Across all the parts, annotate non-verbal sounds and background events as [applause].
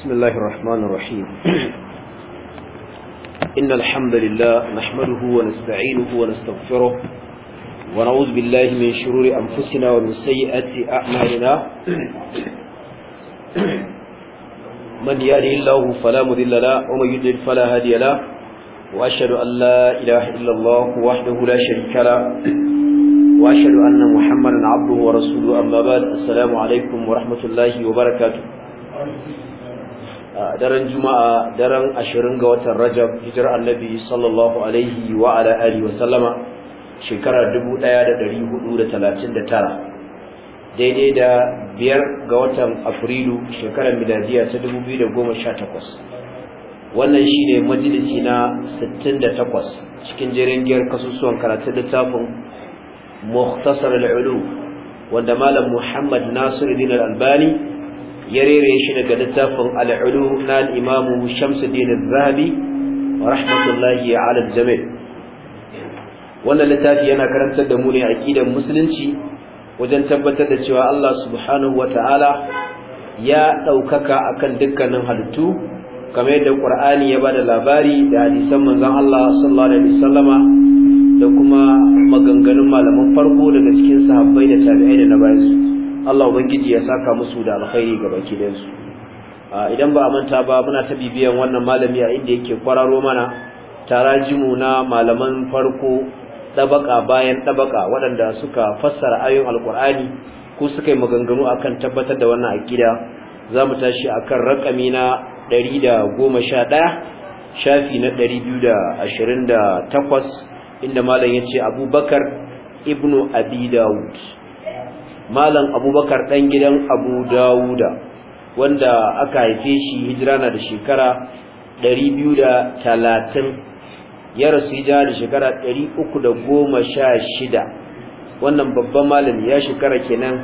بسم الله الرحمن الرحيم [clears throat] إن الحمد لله نحمده ونستعينه ونستغفره ونعوذ بالله من شرور أنفسنا ومن سيئات أعمالنا [clears throat] من يهده الله فلا مذل له ومن يضلل فلا هادي له وأشهد أن لا إله إلا الله وحده لا شريك له وأشهد أن محمدا عبده ورسوله أما بعد السلام عليكم ورحمة الله وبركاته daren juma'a daren ashirin ga watan rajab hijira annabi sallallahu alaihi wa ala alihi wa sallama shekarar 1439 daidai da biyar ga watan afrilu shekarar miladiya ta 2018 wannan shi ne majalisi na 68 cikin jeringiyar kasusuwan karatun littafin muhtasar al'ulu wanda malam muhammad Nasiru, dinar albani ya rere shi daga littafin al'ulu na al'imamu shamsuddin zahabi wa rahmatullahi ala jami'a. wannan littafi yana karantar da muni a ƙidan musulunci wajen tabbatar da cewa Allah subhanahu ya ɗaukaka akan dukkanin halittu kamar yadda Al-ƙur'ani ya ba da labari da hadisan manzon Allah sallallahu da kuma maganganun malaman farko daga cikin sahabbai da tabi'ai da na bayansu Allah ubangiji ya saka musu da alkhairi ga baki da su idan ba a manta ba muna ta bibiyan wannan malami a inda yake kwararo mana tarajimu na malaman farko dabaka bayan dabaka waɗanda suka fassara ayoyin alkur'ani ko suka yi maganganu akan tabbatar da wannan akida za mu tashi akan rakami na 111 shafi na 228 inda malam yace Abubakar ibnu Abi Dawud malam abubakar dan gidan abu dawuda wanda aka haife shi hijira na da shekara 230 ya rasu hijira da shekara 316 wannan babban malam ya shekara kenan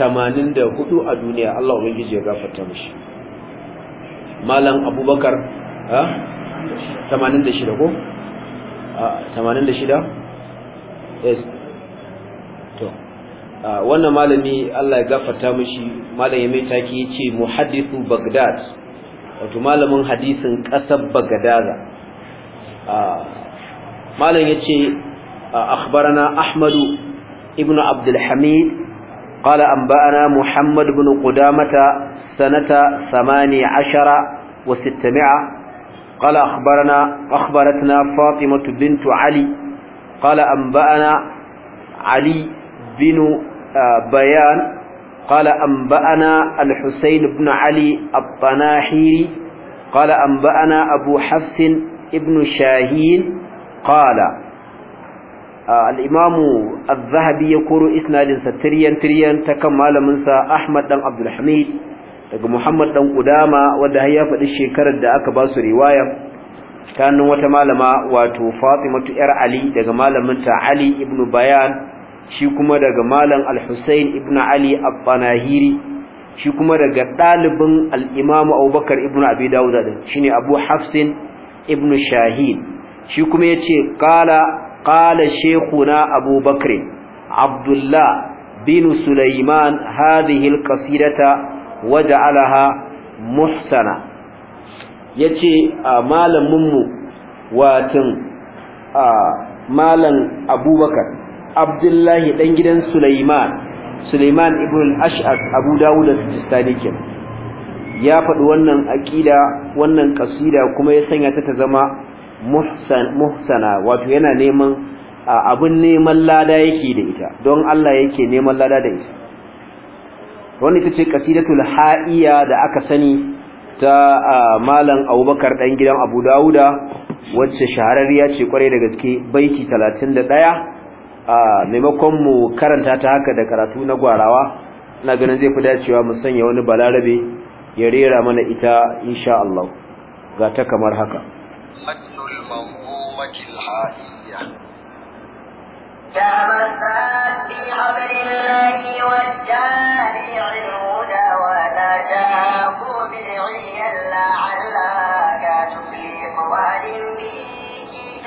84 a duniya Allah ubangiji ya gafarta mishi malam abubakar ha 86 ko 86 yes wannan malami Allah ya gafarta mishi malami ya mai take yace muhaddithu bagdad wato malamin hadisin kasar bagdada malam yace akhbarana ahmadu ibn abdul hamid قال أنبأنا محمد بن قدامة سنة ثماني عشر وستمائة قال أخبرنا أخبرتنا فاطمة بنت علي قال أنبأنا علي بن بيان قال أنبأنا الحسين بن علي الطناحيري قال أنبأنا أبو حفص ابن شاهين قال آه الإمام الذهبي يقول إسناد ستريا تريا تكمل منسى أحمد بن عبد الحميد daga Muhammad dan Udama wanda har ya faɗi shekarar da aka ba su riwaya ta wata malama wato Fatimatu yar Ali daga malamin ta Ali ibn Bayan shi kuma daga malam al-Husayn ibn Ali al-Banahiri shi kuma daga dalibin al-Imam bakar ibn Abi Dawud din shine Abu Hafsin ibn Shahin shi kuma yace qala qala shaykhuna Abu Bakr Abdullah bin Sulaiman hadhihi al-qasidata waja'alaha muhsana yace malamin mu watin malam bakar. abdullahi dan gidan sulaiman sulaiman ibn al-ash'ab abu dawud al-sistani ya faɗi wannan aƙida wannan ƙasida kuma ya sanya ta ta zama muhsana wato yana neman abin neman lada yake da ita don Allah yake neman lada da ita wannan ita ce ƙasidatul ha'iya da aka sani ta malam abubakar ɗan gidan abu dawuda wacce shahararriya ce kwarai da gaske baiti 31 a maimakon mu karanta ta haka da karatu na gwarawa ina ganin zai fi dacewa mu sanya wani balarabe ya rera mana ita insha Allah ga ta kamar haka matnul mawqumatil haiya ya masati hablillahi wajjari'il huda wa la ta'qu bi'iyalla 'allaka qawalin bi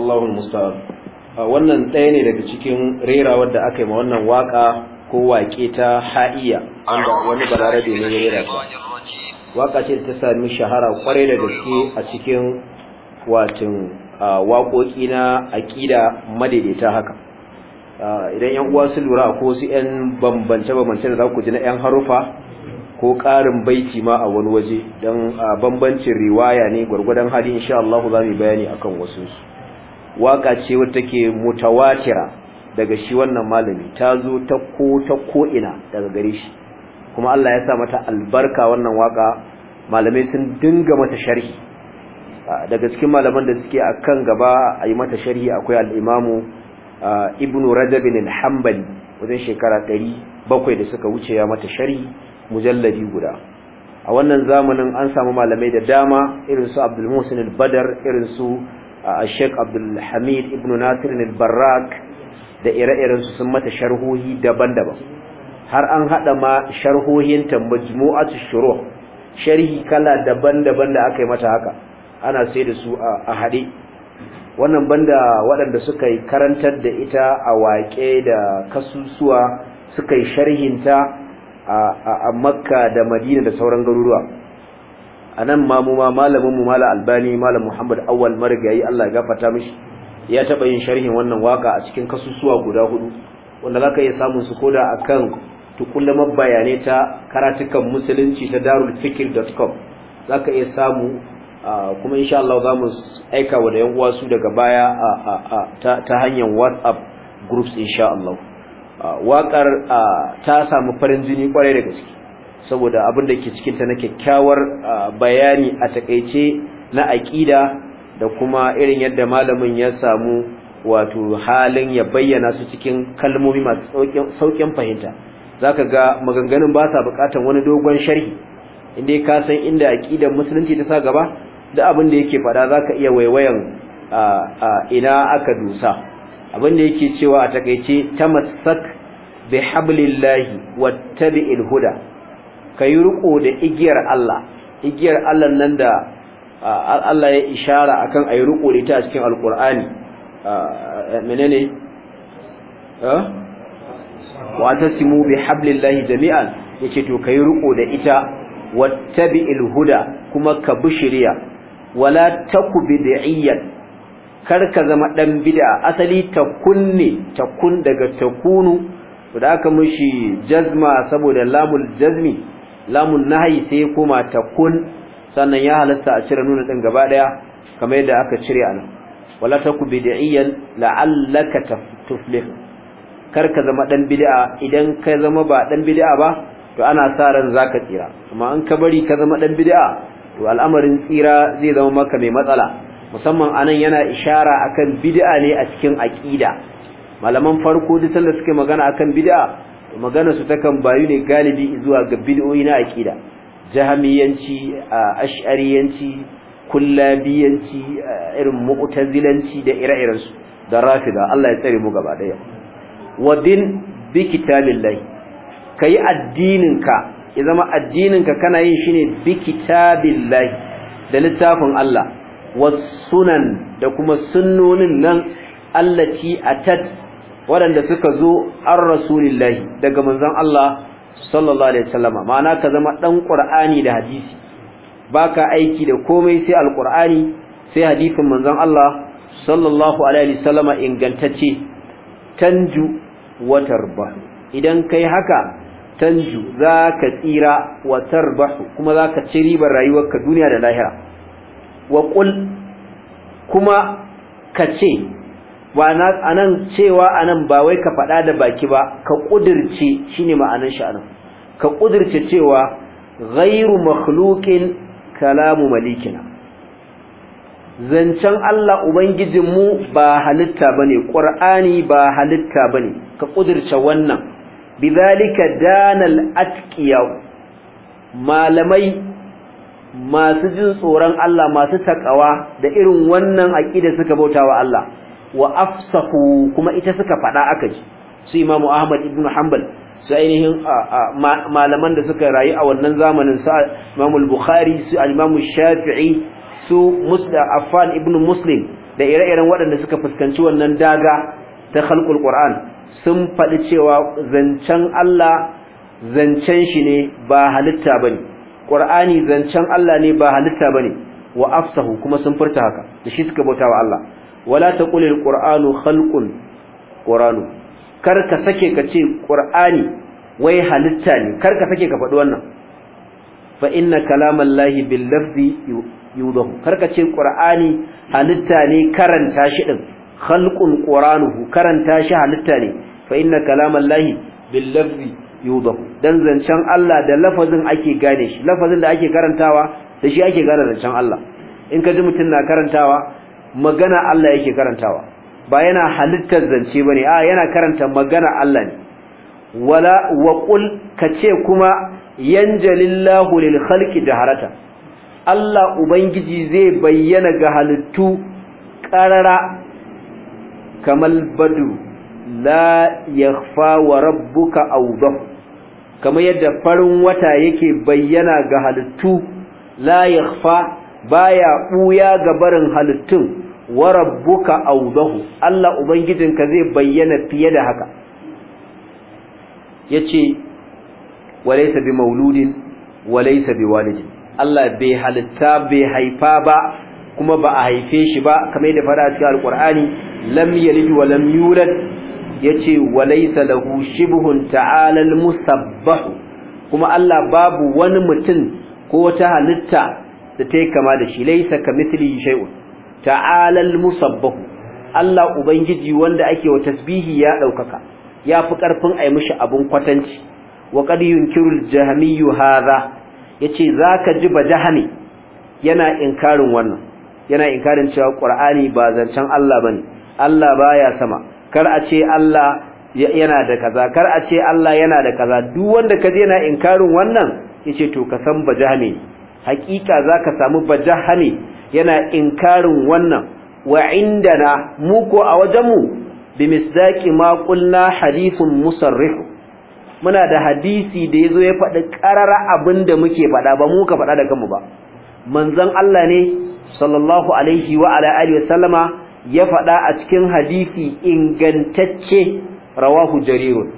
wallahu musta'an wannan ɗaya ne daga cikin rera wadda aka yi ma wannan waka ko waƙe ta ha'iya wanda wani balarabe ne rera ta waka ce ta sami shahara kwarai da gaske a cikin watin waƙoƙi na aƙida madaidaita haka idan yan uwa su lura ko su yan bambance bambance da za ku ji na yan harufa ko ƙarin baiti ma a wani waje don bambancin riwaya ne gwargwadon hali insha Allah za mu bayani akan wasu su waka ce wata ke mutawatira daga shi wannan malami ta zo ta ko ta ko ina daga gare shi kuma Allah ya sa mata albarka wannan waka malamai sun dinga mata sharhi daga cikin malaman da suke akan gaba a yi mata sharhi akwai al'imamu Ibn Rajab bin hanbali wajen shekara 700 da suka wuce ya mata sharhi mujalladi guda a wannan zamanin an samu malamai da dama irin su Abdul Muhsin al irin su Sheikh shek Abdulhamid Ibn Nasir al-Barrak da ire-iren su sun mata sharhohi daban-daban har an hada ma sharhohin ta majmu'atu shuruh sharhi kala daban-daban da aka yi mata haka ana sai da su a hade wannan banda waɗanda suka yi karantar da ita a waƙe da kasusuwa suka yi sharhinta a Makka da Madina da sauran garuruwa anan ma mu ma malamin mu albani malam muhammad awwal marigayi Allah ya gafarta mishi ya taba yin sharhin wannan waka a cikin kasusuwa guda hudu wanda zaka iya samun su koda akan tukullamar bayanai ta karatukan musulunci ta darulfikir.com zaka iya samu kuma insha Allah za mu aika wa da yan uwa su daga baya ta hanyar WhatsApp groups insha Allah waƙar ta samu farin jini kwarai da gaske saboda abin da ke cikinta na kyakkyawar bayani a takaice na aƙida da kuma irin yadda malamin ya samu wato halin ya bayyana su cikin kalmomi masu sauƙin fahimta zaka ga maganganun ba sa buƙatar wani dogon sharhi inda ka san inda aƙidar musulunci ta sa gaba da abin da yake faɗa zaka iya waiwayan ina aka dusa abin da yake cewa a takaice tamassak bihablillahi wattabi'il huda ka yi riko da igiyar Allah igiyar Allah nan da Allah ya ishara akan ayi riko da ita cikin alkur'ani menene eh wa tasimu bi hablillahi jami'an yace to kai riko da ita wattabi'il huda kuma ka bi shari'a wala taku kar ka zama dan bid'a asali ta takun daga takunu da aka mushi jazma saboda lamul jazmi lamun nahayi sai kuma ta sannan ya halatta a cire nuna din gaba daya kamar yadda aka cire anan wala taku bid'iyan la'allaka tuflih kar ka zama dan bid'a idan ka zama ba dan bid'a ba to ana sa ran zaka tsira amma an ka bari ka zama dan bid'a to al'amarin tsira zai zama maka mai matsala musamman anan yana ishara akan bid'a ne a cikin aqida malaman farko duk sanda suke magana akan bid'a magana su takan bayu ne galibi zuwa ga bid'o'i na aqida jahamiyanci ash'ariyanci kullabiyanci irin mu'tazilanci da ire-iren su da rafida Allah ya tsare mu gaba daya wadin bi kitabillahi kai addinin ka ya zama addinin ka kana yin shine bi kitabillahi da littafin Allah was sunan da kuma sunnonin nan allati atat waɗanda suka zo an rasulillahi daga manzon Allah sallallahu alaihi wasallama ma'ana ka zama dan qur'ani da hadisi baka aiki da komai sai alqur'ani sai hadisin manzon Allah sallallahu alaihi wasallama ingantacce tanju wa idan kai haka tanju zaka tsira wa tarbahu kuma zaka ci ribar rayuwar ka duniya da lahira wa kuma kuma kace a nan cewa anan ba wai ka faɗa da baki ba ka ƙudirce shi ne ma'anar shi anan ka ƙudirce cewa ghairu makhluqin kalamu malikina zancen Allah Ubangijinmu ba halitta bane qur'ani ƙur'ani ba halitta bane ka ƙudirce wannan bizalika danal atqiya malamai masu jin tsoron Allah masu takawa da irin wannan aƙida suka bautawa Allah wa afsahu kuma ita suka faɗa aka ji su imamu ahmad ibn hanbal su ainihin malaman da suka rayu a wannan zamanin su imamu bukhari su imamu shafi'i su musda affan ibn muslim da ire-iren waɗanda suka fuskanci wannan daga ta khalqul qur'an sun faɗi cewa zancen Allah zancen shi ne ba halitta bane qur'ani zancen Allah ne ba halitta bane wa afsahu kuma sun furta haka da shi suka wa Allah wala taqul alquranu khalqun quranu kar ka sake ka ce ƙur'ani wai halitta ne kar ka sake ka faɗi wannan fa inna kalamallahi bil lafzi yudahu kar ka ce ƙur'ani halitta ne karanta shi din khalqun quranuhu karanta shi halitta ne fa inna kalamallahi bil lafzi yudahu dan zancen Allah da lafazin ake gane shi lafazin da ake karantawa da shi ake gane zancen Allah in ka ji mutum na karantawa magana Allah yake karantawa ba yana halittar zance ba ne. a yana karanta magana Allah ne wala wa qul kace kuma yanjalillahu lil khalqi jaharata Allah ubangiji zai bayyana ga halittu qarara kamal badu la yakhfa wa rabbuka awdah kamar yadda farin wata yake bayyana ga halittu la yakhfa baya buya ga barin halittun wa rabbuka awdahu Allah ubangijinka zai bayyana fiye da haka yace walaysa bi mauludin walaysa bi walidin Allah bai halitta bai haifa ba kuma ba a haife shi ba kamar da fara cikin alqur'ani lam yalid wa lam yulad yace walaysa lahu shibhun ta'ala al-musabbahu kuma Allah babu wani mutum ko wata halitta da ta kama da shi laisa ka mithlihi shay'un ta'alal musabbahu Allah ubangiji wanda ake wa tasbihi ya daukaka yafi karfin ai mishi abun kwatanci wa qad yunkiru al-jahmiyyu hadha yace zaka ji bajahami yana inkarin wannan yana inkarin cewa qur'ani ba zancen Allah bane Allah baya sama kar a ce Allah yana da kaza kar a ce Allah yana da kaza duk wanda ka je yana inkarin wannan yace to ka san haƙiƙa hakika zaka samu bajahami yana inkarin wannan wa indana mu ko a wajenmu bi misdaqi ma qulna hadithun musarrih muna da hadisi da yazo ya faɗi qarara abinda muke faɗa ba mu ka faɗa da kanmu ba manzon Allah ne sallallahu alaihi wa ala alihi sallama ya faɗa a cikin hadisi ingantacce rawahu jarir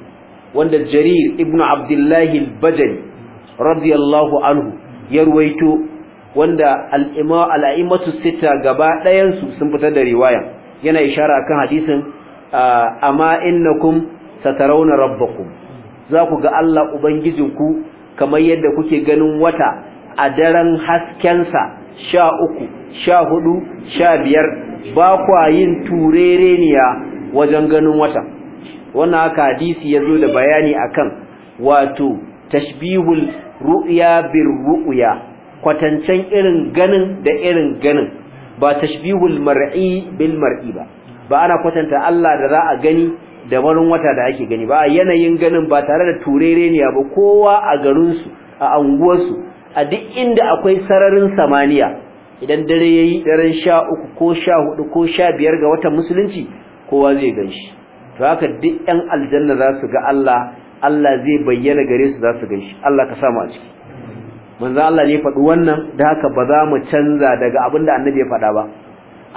wanda jarir ibnu abdullahi al-bajali radiyallahu anhu ya ruwaito wanda al'imatu sita gaba ɗayansu sun fita da riwaya yana ishara kan hadisin amma innakum satarawna rabbakum za ku ga Allah ubangijinku kamar yadda kuke ganin wata a daren haskensa sha uku sha hudu sha biyar ba yin turereniya wajen ganin wata wannan haka hadisi ya zo da bayani akan wato tashbihul ru'ya bir ru'ya kwatancen irin ganin da irin ganin ba tashbihul mar'i bil mar'i ba ba ana kwatanta Allah da za a gani da wani wata da ake gani ba yanayin ganin ba tare da turereniya ba kowa a garinsu a unguwarsu a duk inda akwai sararin samaniya idan dare yayi daren sha uku ko sha ko sha biyar ga watan musulunci kowa zai ganshi to haka duk 'yan aljanna za su ga Allah Allah zai bayyana gare su za su ganshi Allah ka samu a ciki manzo Allah ne faɗi wannan da haka ba za mu canza daga abin da annabi ya faɗa ba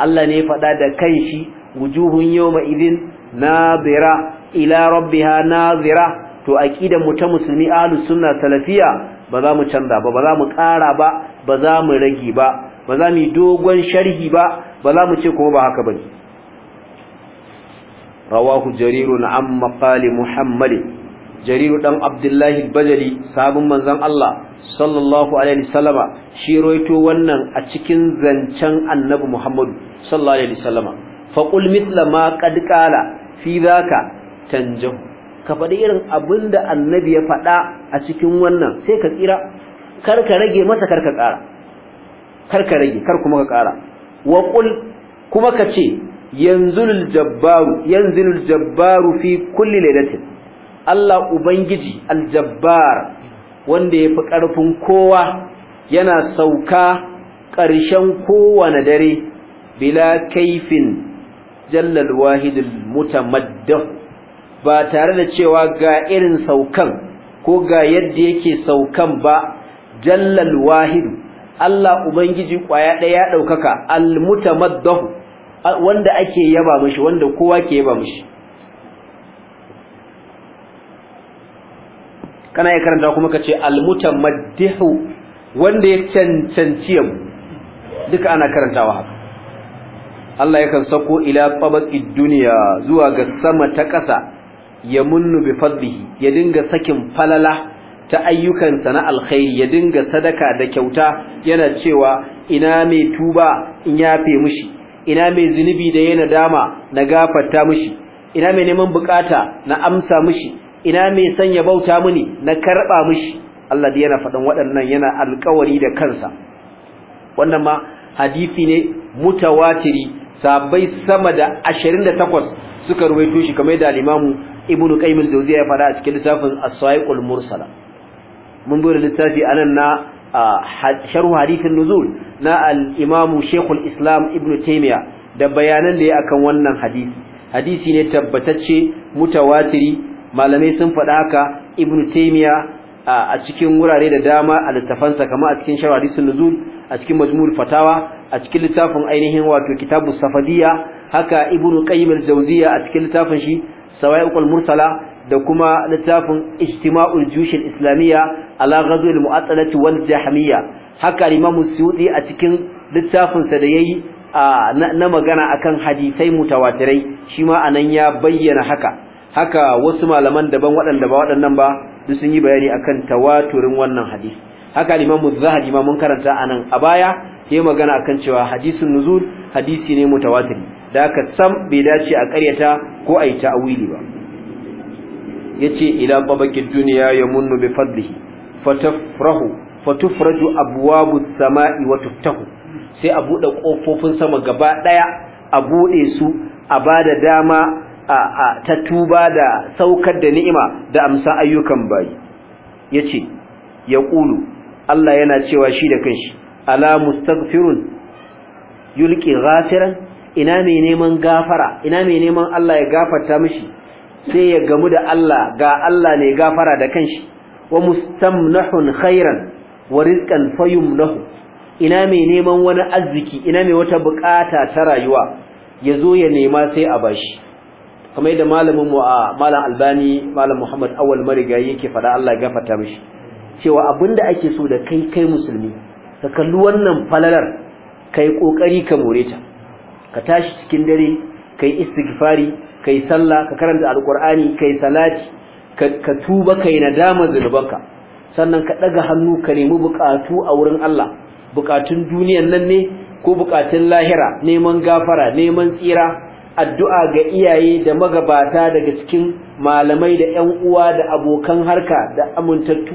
Allah ne faɗa da kanshi wujuhun yawma idin nadira ila rabbiha nadira to aqidan mu ta musulmi ahlus sunna salafiya ba za mu canza ba ba za mu ƙara ba ba za mu rage ba ba za mu dogon sharhi ba ba za mu ce kuma ba haka bane rawahu jarirun amma qali muhammadin jariru dan abdullahi bajali sabon manzon Allah sallallahu alaihi wasallama shi roito wannan a cikin zancen annabi Muhammad sallallahu alaihi wasallama fa qul mithla ma qad qala fi zaka tanjahu ka faɗi irin abinda annabi ya faɗa a cikin wannan sai ka tsira kar ka rage masa kar ka ƙara kar ka rage kar kuma ka ƙara wa qul kuma ka ce yanzulul jabbaru yanzulul jabbaru fi kulli lailatin Allah ubangiji aljabbar wanda yafi ƙarfin kowa yana sauka ƙarshen kowane dare bila kaifin jallal wahidul mutamaddah ba tare da cewa ga irin saukan ko ga yadda yake saukan ba jallal wahidu Allah ubangiji kwaya ɗaya ya ɗaukaka al mutamaddah wanda ake yaba mashi, wanda kowa ke yaba mashi. kana iya karanta kuma ka kace madihu. wanda ya cancanci yabo duka ana karantawa haka Allah yakan sako ila qabaqid dunya zuwa ga sama ta ƙasa ya munnu bi fadlihi ya dinga sakin falala ta ayyukansa na alkhairi ya dinga sadaka da kyauta yana cewa ina mai tuba in yafe mushi, ina mai zunubi da yana dama na gafata mushi, ina mai neman bukata na amsa mushi. ina me sanya bauta mini na karba mishi Allah da yana faɗin waɗannan yana alƙawari da kansa wannan ma hadisi ne mutawatiri sabai sama da 28 suka ruwaito shi kamar da al Ibn Qayyim al-Jawziyya ya fara a cikin littafin as Mursala mun bude littafi anan na sharh hadithin nuzul na al-Imam Sheikh islam Ibn Taymiyyah da bayanan da ya akan wannan hadisi hadisi ne tabbatacce mutawatiri malamai sun faɗa haka ibn taymiya a cikin wurare da dama a littafansa kamar a cikin sharh hadisul nuzul a cikin majmu'ul fatawa a cikin littafin ainihin wato kitabus safadiyya haka ibn qayyim al-jawziyya a cikin littafin shi sawaiqul mursala da kuma littafin ijtima'ul jush al-islamiyya ala ghazw al-mu'attalati wal jahmiyya haka imam suyuti a cikin littafin sa da yayi na magana akan hadisai mutawatirai shi ma anan ya bayyana haka haka wasu malaman daban waɗanda ba waɗannan ba duk sun yi bayani akan tawaturin wannan hadisi haka limamu zahabi ma mun karanta anan a baya yayi magana akan cewa hadisin nuzul hadisi ne mutawatir da ka san bai dace a ƙaryata ko a yi ta'awili ba yace ila duniya ya munnu bi fadlihi fatafrahu fatufraju abwabus sama'i wa tuftahu sai a buɗe kofofin sama gaba daya a buɗe su a bada dama ta tuba da saukar da ni'ima da amsa ayyukan bayi yace ya kulu Allah yana cewa shi da kanshi ala mustaghfirun yulqi ghafiran ina mai neman gafara ina mai neman Allah ya gafarta mishi sai ya gamu da Allah ga Allah ne gafara da kanshi wa mustamnahun khairan wa rizqan fayumnahu ina mai neman wani arziki ina mai wata bukata ta rayuwa yazo ya nema sai a bashi kamar yadda malamin mu a malam albani malam muhammad awal marigayi yake faɗa Allah ya gafarta mishi cewa abinda ake so da kai kai musulmi ka kalli wannan falalar kai kokari ka more ta ka tashi cikin dare kai istighfari kai sallah ka karanta alqur'ani kai salati ka tuba kai nadama zunubanka sannan ka daga hannu ka nemi bukatu a wurin Allah bukatun duniyan nan ne ko bukatun lahira neman gafara neman tsira addu'a ga iyaye da magabata daga cikin malamai da ƴan uwa da abokan harka da amintattu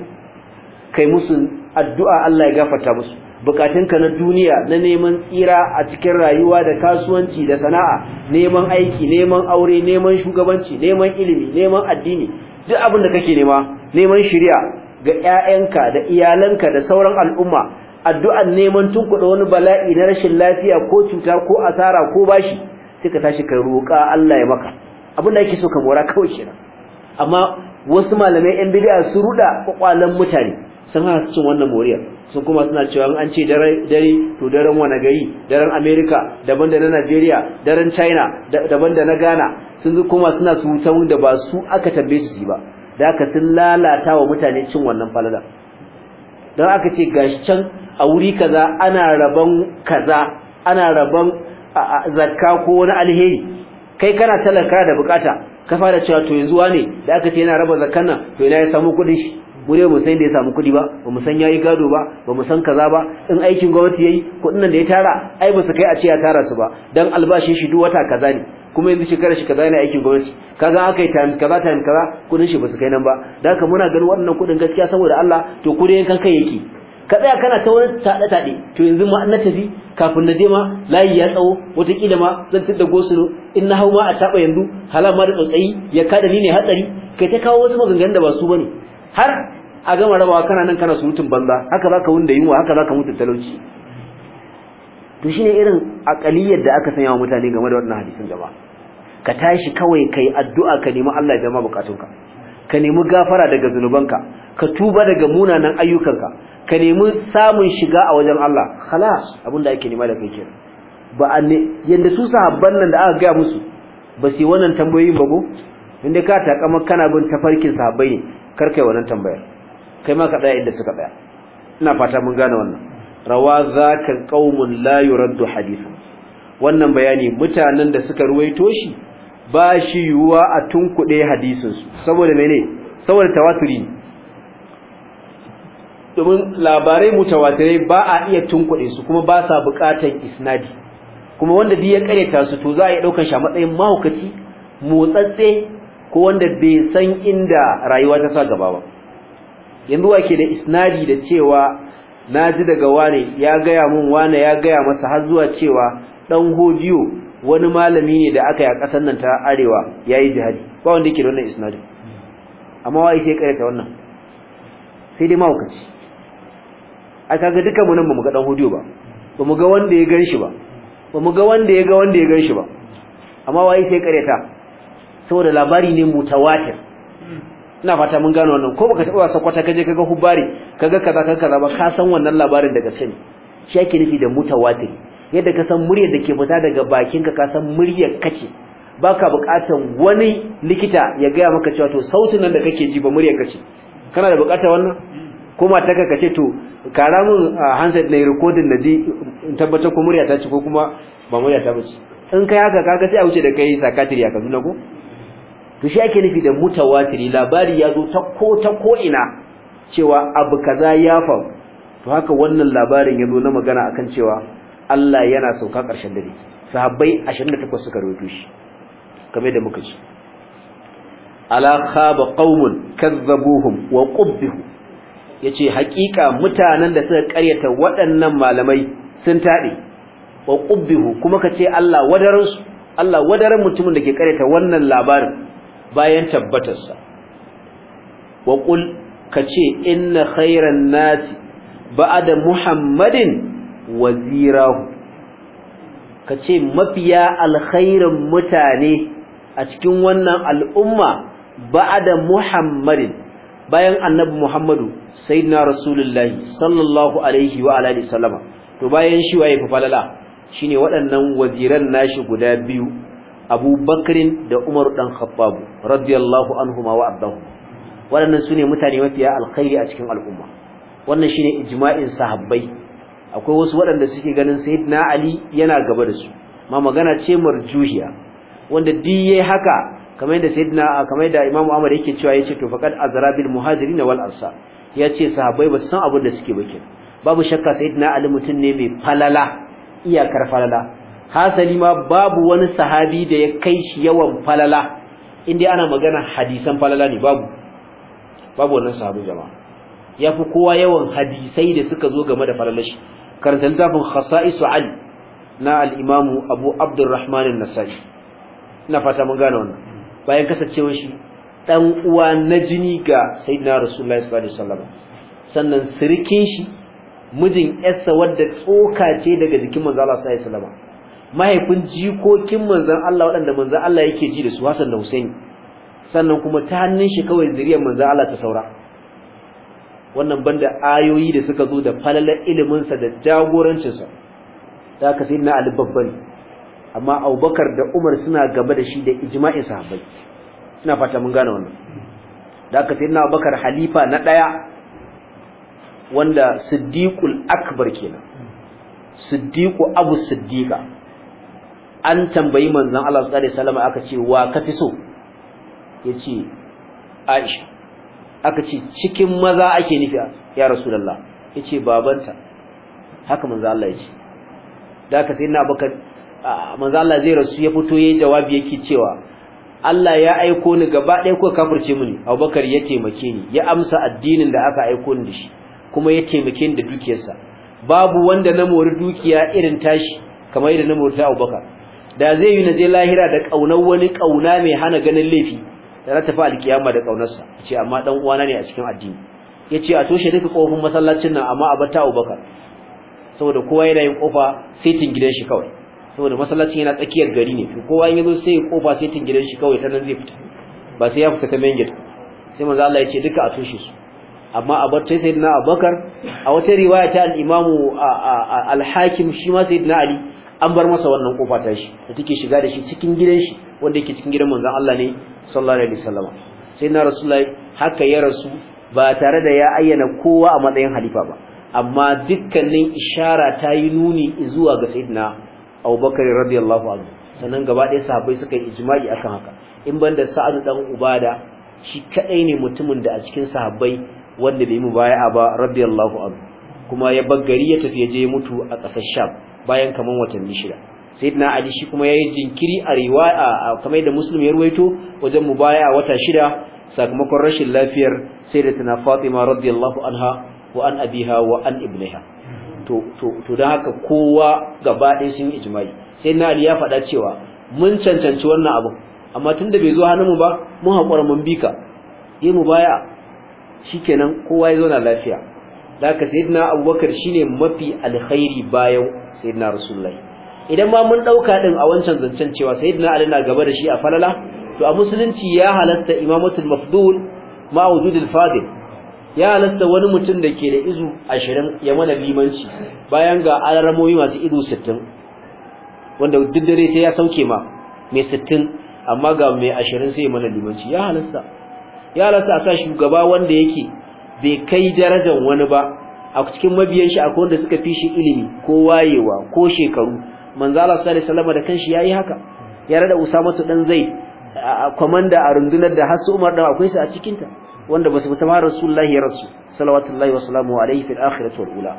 kai musu addu'a Allah ya gafarta musu bukatunka na duniya na neman tsira a cikin rayuwa da kasuwanci da sana'a neman aiki neman aure neman shugabanci neman ilimi neman addini duk abin da kake nema neman shari'a ga ƴaƴanka da iyalanka da sauran al'umma addu'an neman tunkuɗa wani bala'i na rashin lafiya ko cuta ko asara ko bashi sai ka tashi ka roƙa Allah ya maka abin da yake so ka mora kawai kenan amma wasu malamai yan bid'a su ruda kwakwalan mutane sun hana su cin wannan moriya sun kuma suna cewa an ce dare dare to daren wani gari daren America daban da na Nigeria daren China daban da na Ghana sun kuma suna su wutan da ba su aka tambaye su ba da haka sun lalata wa mutane cin wannan falala don aka ce gashi can a wuri kaza ana rabon kaza ana rabon zakka ko wani alheri kai kana talaka da bukata ka fara cewa to yanzu wane da aka ce yana raba zakkan nan to ina ya samu kuɗin shi gure mu sai da ya samu kuɗi ba ba mu san yayi gado ba ba mu san kaza ba in aikin gwamnati yayi kuɗin nan da ya tara ai ba su kai a ce ya tara su ba dan albashin shi duk wata kaza ne kuma yanzu shekara shi kaza yana aikin gwamnati kaza aka yi time kaza time kaza kuɗin shi ba su kai nan ba dan ka muna ganin wannan kuɗin gaskiya saboda Allah to kudin kan kai yake ka tsaya kana ta wani taɗe taɗe to yanzu ma na tafi kafin na je ma layi ya tsawo wataƙila ma zan tudda gosulo in na hau ma a taba yanzu hala ma da tsautsayi ya kada ni ne hatsari kai ta kawo wasu maganganun da ba su bane har a gama rabawa kana nan kana surutun banza haka za ka wunda yunwa haka za ka mutu talauci to shine irin aqaliyar da aka sanya wa mutane game da wannan hadisin gaba ka tashi kawai kai addu'a ka nemi Allah ya jama ma bukatunka ka nemi gafara daga zunubanka ka tuba daga munanan ayyukanka ka nemi samun shiga a wajen Allah khalas abinda ake nema da kai kenan ba yanda su sahabban nan da aka ga musu ba su wannan tambayoyin ba go inda ka taka maka kana bin tafarkin sahabbai ne kar wannan tambayar kai ma ka tsaya inda suka tsaya ina fata mun gane wannan rawa zaka qaumun la yuraddu hadith wannan bayani mutanen da suka ruwaito shi ba shi yuwa a kuɗe hadisinsu saboda mene saboda tawaturi domin labarai mutawatirai ba a iya tunkuɗe su kuma ba sa buƙatar isnadi kuma wanda biya ya karyata su to za a iya ɗaukar shi a matsayin mahaukaci motsatse ko wanda bai san inda rayuwa ta sa gaba ba yanzu ke da isnadi da cewa na ji daga wane ya gaya mun wane ya gaya masa har zuwa cewa ɗan hodiyo wani malami ne da aka yi a ƙasar nan ta arewa ya yi jihadi ba wanda yake da wannan isnadi amma wa sai ta wannan sai dai mahaukaci ai kaga dukan mu nan bamu ga dan hudiyo ba bamu ga wanda ya ganshi ba bamu ga wanda ya ga wanda ya ganshi ba amma waye sai kareta saboda labari ne mutawatir ina fata mun gano wannan ko baka taba sakwata kaje kaga hubari kaga kaza kaga kaza ba ka san wannan labarin daga sani shi yake nufi da mutawatir yadda ka san muryar da ke fita daga bakin ka san muryar kace baka bukatan wani likita ya gaya maka cewa to sautin nan da kake ji ba muryar kace kana da buƙatar wannan Kuma taka kaka kace to kara mun handset na recording na ji tabbatar ko murya ta ci ko kuma ba murya ta bace in kai haka kaga sai a wuce da kai sakatiri a zuna ko to shi ake nufi da mutawatiri labari ya zo ta ko ta ko ina cewa abu kaza ya faru to haka wannan labarin ya zo na magana akan cewa Allah yana sauka karshen dare sahabbai 28 suka rawaito shi kamar da muka ci ala khaba qaumun kazzabuhum wa qubbihum yace hakika mutanen da suka karyata waɗannan malamai sun tade wa qubbihu kuma kace Allah wadaran su Allah wadaran mutumin da ke karyata wannan labarin bayan tabbatarsa wa qul kace inna khairan nasi ba'da muhammadin wazirahu kace mafiya alkhairin mutane a cikin wannan al'umma ba'da muhammadin bayan annabi Muhammadu sayyidina rasulullahi sallallahu alaihi wa alihi sallama to bayan shi waye falala shine waɗannan waziran nashi guda biyu Abu Bakrin da Umar dan Khattab radiyallahu anhuma wa abdahu waɗannan sune mutane mafiya alkhairi a cikin al'umma wannan shine ijma'in sahabbai akwai wasu waɗanda suke ganin sayyidina Ali yana gaba da su ma magana ce marjuhiya wanda duk yayi haka kamar yadda sayyidina kamar yadda Imam Ahmad yake cewa yace to faqad azrabil muhajirin wal ya yace sahabbai ba san abin da suke ba. babu shakka sayyidina Ali mutun ne mai falala iyakar falala hasali ma babu wani sahabi da ya kai shi yawan falala indai ana magana hadisan falala ne babu babu wannan sahabi jama'a yafi kowa yawan hadisai da suka zo game da falalar shi karanta littafin khasa'isu Ali na al imamu Abu Abdurrahman an-Nasa'i ina fata mun gane wannan bayan kasancewar shi dan uwa na jini ga sayyidina rasulullahi sallallahu alaihi wasallam sannan sirikin shi mijin yarsa wadda tsoka ce daga jikin manzo Allah sallallahu alaihi wasallam mahaifin jikokin manzon Allah waɗanda manzo Allah yake ji da su Hassan da Hussein, sannan kuma ta hannun shi kawai zuriyar manzo Allah ta saura wannan banda ayoyi da suka zo da falalar ilimin sa da jagorancin sa da ka sayyidina Ali babban amma abubakar da umar suna gaba da shi da ijma'in sahabbai ina fata mun gane wannan da aka sayyidina abubakar halifa na daya wanda siddiqul akbar kenan siddiqu abu siddiqa an tambayi manzon Allah sallallahu alaihi wasallam aka ce wa ka fi so yace Aisha aka ce cikin maza ake nufi ya rasulullah yace babanta haka manzon Allah yace da aka sayyidina abubakar manzo Allah zai rasu ya fito yayin jawabi yake cewa Allah ya aiko ni gaba ɗaya ko kafirce mini Abubakar ya taimake ni ya amsa addinin da aka aiko ni da shi kuma ya taimake ni da dukiyarsa babu wanda na mori dukiya irin tashi kamar yadda na mori ta Abubakar da zai yi na je lahira da kaunar wani kauna mai hana ganin laifi da za ta fi alkiyama da kaunarsa ce amma dan uwana ne a cikin addini yace a toshe duka kofin masallacin nan amma a bata Abubakar saboda kowa yana yin kofa sitin gidan shi kawai saboda masallaci yana tsakiyar gari ne kowa in yazo sai ya kofa sai tingiren shi kawai ta zai fita ba sai ya fita ta main gate sai manzo Allah ya ce duka a tushe su amma a bar sai sayyidina Abubakar a wata riwaya ta al-Imam al-Hakim shi ma sayyidina Ali an bar masa wannan kofa ta shi da take shiga da shi cikin gidan shi wanda yake cikin gidan manzo Allah ne sallallahu alaihi wasallam sayyidina Rasulullahi haka ya rasu ba tare da ya ayyana kowa a matsayin halifa ba amma dukkanin ishara ta yi nuni zuwa ga sayyidina Abu Bakar radiyallahu anhu sannan gaba ɗaya sahabbai suka yi ijma'i akan haka in banda Sa'ad dan Ubada shi kadai ne mutumin da a cikin sahabbai wanda bai mu baya ba radiyallahu anhu kuma ya baggari ya tafi je mutu a ƙasar Sham bayan kaman watanni shida sayyidina Ali shi kuma yi jinkiri a riwaya kamar da Muslim ya ruwaito wajen mubaya wata shida sakamakon rashin lafiyar Sayyidatina Fatima radiyallahu anha wa an abiha wa an ibniha to don haka kowa gaba ɗaya sun yi ijimai sai na Ali ya faɗa cewa mun cancanci wannan abin amma tun da bai zo hannunmu ba mun haƙura mun bi ka yi mu baya shikenan kowa ya zauna lafiya da haka sayyidina abubakar shine mafi alkhairi bayan sayyidina rasulullahi idan ma mun ɗauka ɗin a wancan zancen cewa sayyidina ali na gaba da shi a falala to a musulunci ya halatta imamatul mafdul ma wujudul fadil ya halasta wani mutum da ke da izu ashirin ya mana limanci bayan ga alaramomi masu izu sittin wanda duk dare sai ya sauke ma mai sittin amma ga mai ashirin sai ya mana limanci ya halasta ya halasta a sa shugaba wanda yake bai kai darajar wani ba a cikin mabiyan shi akwai wanda suka fi shi ilimi ko wayewa ko shekaru manzo Allah sallallahu alaihi da kanshi yayi haka ya rada Usama dan Zaid komanda a rundunar da har su Umar da akwai su a cikin ta wanda basu fita ma rasulullahi ya rasu salawatullahi wa salamu alaihi fil akhirati wal ula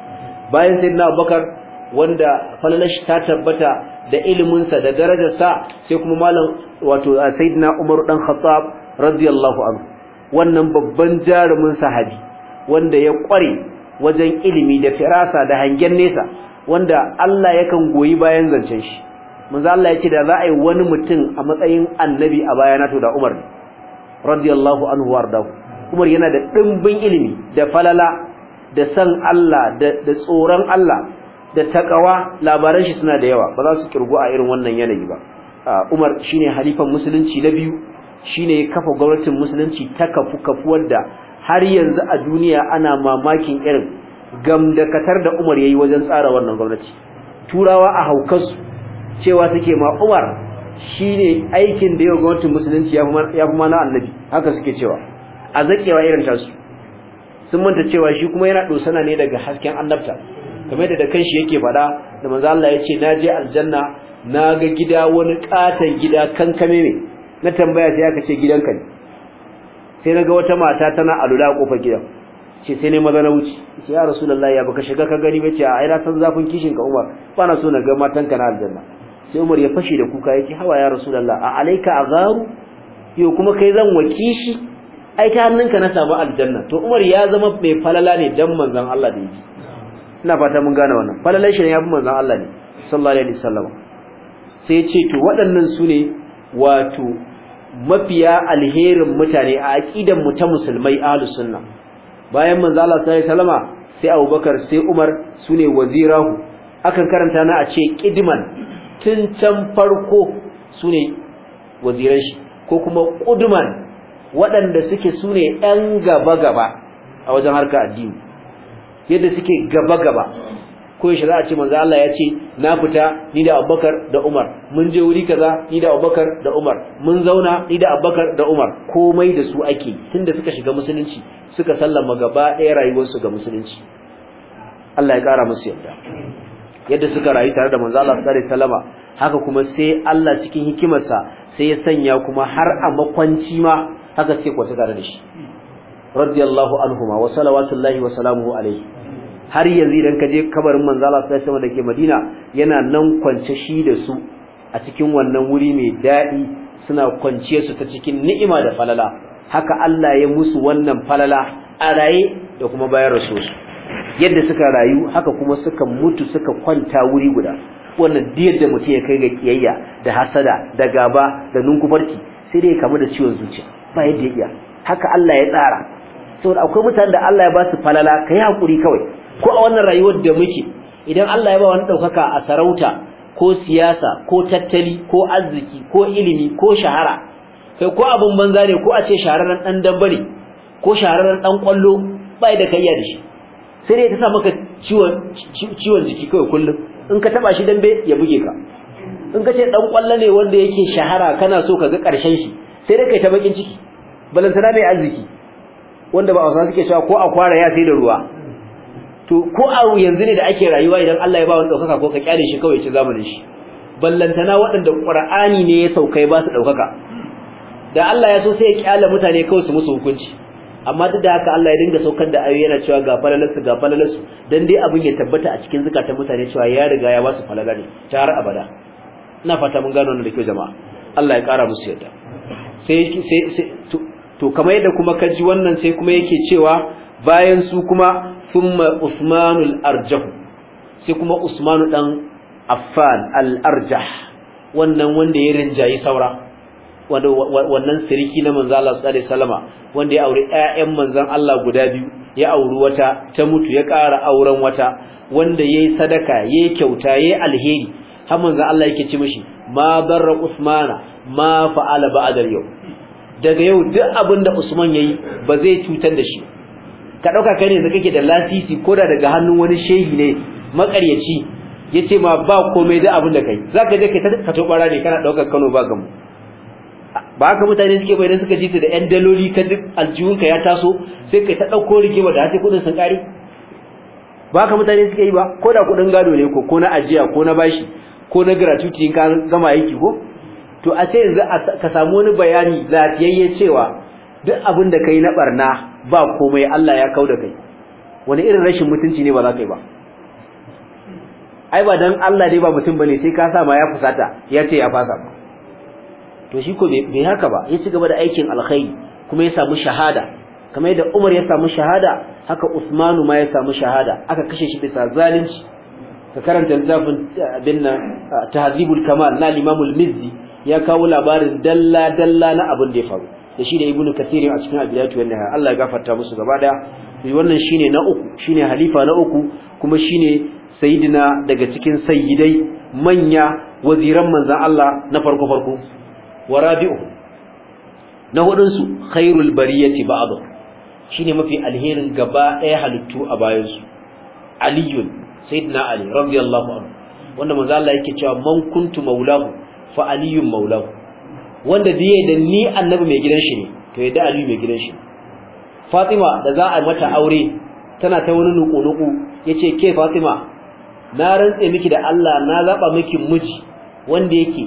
bayan sayyidina abubakar wanda falalashi ta tabbata da ilimin sa da darajar sa sai kuma malam wato sayyidina umar dan khattab radiyallahu anhu wannan babban jarumin sahabi wanda ya kware wajen ilimi da firasa da hangen nesa wanda Allah yakan goyi bayan zancen shi manzo Allah yace da za a yi wani mutum a matsayin annabi a bayana to da Umar radiyallahu anhu wardahu Umar yana da dimbin ilimi da falala da san Allah da tsoron Allah da takawa labaran shi suna da yawa ba za su kirgu a irin wannan yanayi ba ah, Umar shine halifan musulunci na biyu shine ya kafa gwamnatin musulunci ta kafu kafu wanda har yanzu a duniya ana mamakin irin gamdakatar da Umar yayi wajen tsara wannan gwamnati turawa a haukasu cewa suke ma Umar shine aikin da yau gwamnatin musulunci ya fi mana na annabi haka suke cewa a zakewa irin tasu sun manta cewa shi kuma yana dosana ne daga hasken annabta kamar da kanshi yake fada da manzo Allah ya ce naje aljanna na ga gida wani katan gida kankame ne na tambaya sai aka ce gidanka ne sai naga wata mata tana alula a kofar gidan ce sai ne maza na wuce ce ya rasulullahi ya baka shiga ka gani ba ce ai na san zafin kishin ka Umar ba na so na ga matanka na aljanna sai Umar ya fashe da kuka yake hawa ya rasulullah a alaika agaru yo kuma kai zan wakishi ai ta hannunka na samu aljanna to Umar ya zama mai falala ne dan manzon Allah da yake ina fata mun gane wannan falalan shi ne yafi manzon Allah ne sallallahu alaihi wasallam sai ya ce to waɗannan su ne wato mafiya alherin mutane a aqidan mu ta musulmai ahlus sunna bayan manzon Allah sallallahu alaihi wasallam sai Abubakar sai Umar su ne wazirahu akan karanta na a ce kidman tun can farko su ne waziran shi ko kuma kuduman waɗanda suke su ne ‘yan gaba-gaba a wajen harka addini yadda suke gaba-gaba ko yaushe za a ce manzo Allah ya ce na fita ni da Abubakar da Umar mun je wuri kaza ni da Abubakar da Umar mun zauna ni da Abubakar da Umar komai da su ake tunda suka shiga musulunci suka sallama gaba ɗaya rayuwarsu ga musulunci Allah ya ƙara musu yadda yadda suka rayu tare da manzo Allah sallallahu alaihi haka kuma sai Allah cikin hikimarsa sai ya sanya kuma har a makwanci ma haka suke kwanta tare da shi radiyallahu anhuma wa salawatullahi wa salamuhu alaihi har yanzu idan ka je kabarin manzo Allah sallallahu alaihi wasallam dake Madina yana nan kwance shi da su a cikin wannan wuri mai dadi suna kwance su ta cikin ni'ima da falala haka Allah ya musu wannan falala a raye da kuma bayan rasu yadda suka rayu haka kuma suka mutu suka kwanta wuri guda wannan diyar da mutum ya kai ga kiyayya da hasada da gaba da nunkubarki sai dai ya kamu da ciwon zuciya ba yadda ya haka Allah ya tsara saboda akwai mutanen da Allah ya ba su falala kai hakuri kawai ko a wannan rayuwar da muke idan Allah ya ba wani daukaka a sarauta ko siyasa ko tattali ko arziki ko ilimi ko shahara kai ko abun banza ne ko a ce shahararren dan dabba ne ko shahararren dan kwallo ba da kayya da shi sai dai ta sa maka ciwon ciwon jiki kawai kullum in ka taba shi dambe ya buge ka in ka ce dan kwallo ne wanda yake shahara kana so ka ga karshen shi sai dai kai ta bakin ciki balantana mai arziki wanda ba wasan suke cewa ko a kwara ya sai da ruwa to ko a yanzu ne da ake rayuwa idan Allah ya ba wani daukaka ko ka kyale shi kawai ci zamanin shi ballantana waɗanda Qur'ani ne ya saukai ba su daukaka da Allah ya so sai ya kyale mutane kawai su musu hukunci amma duk da haka Allah ya dinga saukar da ayoyi yana cewa ga falalarsu ga falalarsu dan dai abin ya tabbata a cikin zakatan mutane cewa ya riga ya ba su falala ne har abada ina fata mun gano wannan da kyau jama'a Allah ya kara musu yadda sai to kamar yadda kuma kaji wannan sai kuma yake cewa bayan su kuma thumma usmanul arjah sai kuma usmanu dan affan al arjah wannan wanda ya rinjayi saura wannan siriki na manzo Allah sallallahu alaihi wasallama wanda ya aure ƴaƴan manzon Allah guda biyu ya auri wata ta mutu ya ƙara auren wata wanda yayi sadaka yayi kyauta yayi alheri har manzo Allah yake ci mishi ma barra usmana ma fa'ala ba'dal yau daga yau duk abinda Usman yayi ba zai cutar da shi ka dauka kai ne da kake da lasisi ko da daga hannun wani shehi ne makaryaci yace ma ba komai da abin da kai zaka je kai ka to bara ne kana daukar Kano ba gamu ba ka mutane suke bai suka ji da yan daloli ka duk ka ya taso sai kai ta dauko rigima da sai kudin sun kare ba ka mutane suke yi ba ko da kudin gado ne ko ko na ajiya ko na bashi ko na gratuity in ka gama aiki ko to a ce yanzu ka samu wani bayani lafiyayye cewa duk abin da kai na barna ba komai Allah ya kauda kai wani irin rashin mutunci ne ba za ka yi ba ai ba dan Allah dai ba mutum bane sai ka sa ma ya fusata ya ce ya fasa ba to shi ko bai haka ba ya ci gaba da aikin alkhairi kuma ya samu shahada kamar yadda Umar ya samu shahada haka Usmanu ma ya samu shahada aka kashe shi bisa zalunci ka karanta littafin eh, abin nan eh, kamal na Imam al-Mizzi ya kawo labarin dalla dalla na abin da ya faru da shi da ibnu kathir a cikin abiyatu wannan Allah ya gafarta musu gaba da wannan shine na uku shine halifa na uku kuma shine sayyidina daga cikin sayyidai manya waziran manzon Allah na farko farko warabi'u na hudun su khairul bariyati ba'd shine mafi alherin gaba ɗaya halittu a bayan su aliyun sayyidina ali radiyallahu anhu wanda manzon Allah yake cewa man kuntu maulahu fa aliyun Maulau, wanda diye da ni annabi mai gidan shi ne to yadda aliyu mai gidan shi fatima da za a mata aure tana ta wani nuku-nuku ce, ke fatima na rantse miki da Allah na zaba miki miji wanda yake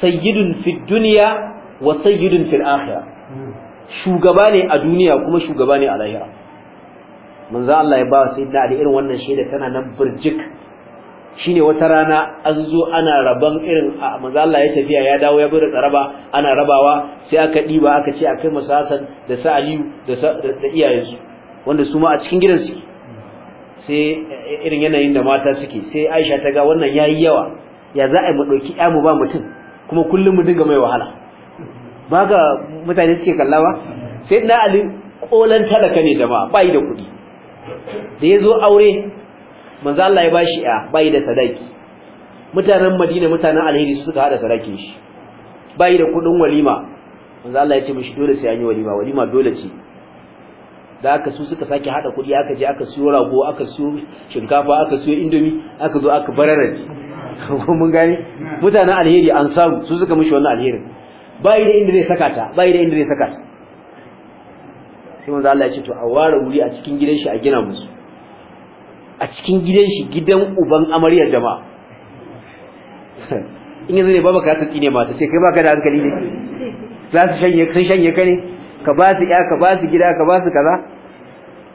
sayyidun fid dunya wa sayyidun fil akhirah shugaba ne a duniya kuma shugaba ne a lahira manzo Allah ya ba sayyidina Ali irin wannan shaida tana nan burjik shine wata rana an zo ana raban irin manzo Allah ya tafiya ya dawo ya bi da tsaraba ana rabawa sai aka diba aka ce a musu Hassan da sa Aliyu da da iyayensu wanda su ma a cikin gidan su sai e, e, irin yanayin da mata suke sai Aisha ta ga wannan yayi yawa ya za a mu dauki ya mu ba mutum kuma kullum mu dinga mai wahala ba ga mutane suke kallawa sai na Ali kolan talaka ne jama'a bai da kuɗi da ya zo aure manzo Allah ya bashi ya bai da sadaki mutanen Madina mutanen alheri su suka hada sadakin shi bai da kudin walima manzo Allah ya ce mishi dole sai an yi walima walima dole ce da aka su suka sake hada kudi aka je aka siyo rago aka siyo shinkafa aka siyo indomi aka zo aka bararaje ko [laughs] mun gane mutanen alheri an samu su suka mishi wannan alherin bai da inda zai saka ta bai da inda zai saka ta sai manzo Allah ya ce to a ware wuri a cikin gidan shi a gina musu a cikin gidan shi gidan uban amaryar jama'a in yanzu ne baba ka ta tsine mata sai kai baka da hankali ne za su shanye sun shanye ka ne ka ba su ya ka ba su gida ka ba su kaza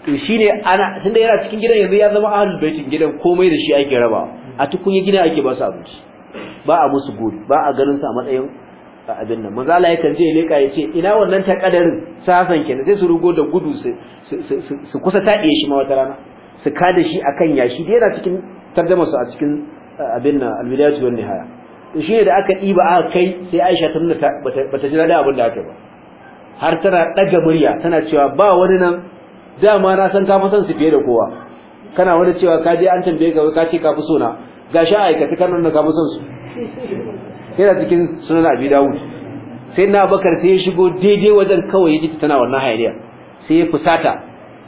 to shine ana tunda yana cikin gidan yanzu ya zama ahlul baitin gidan komai da shi ake raba a tukunya gida ake ba su abinci ba a musu gori ba a ganin su a matsayin abin nan manzo Allah yakan je leka ya ce ina wannan ta kadarin sasan kenan sai su rugo da gudu su su kusa taɗiye shi ma wata rana su kada shi a kan yashi da yana cikin tarjama su a cikin abin nan albidayatu wan nihaya shi ne da aka ɗiba aka kai sai Aisha ta nuna bata jira da abin da aka ba har tana ɗaga murya tana cewa ba wani nan dama na san ka fa san su fiye da kowa kana wani cewa ka je an tambaye ka ka ce ka fi so na gashi aikata kan nuna ka fi son su yana cikin sunan Abi Dawud sai na bakar sai ya shigo daidai wajen kawai yaji tana wannan hayaniya sai ya fusata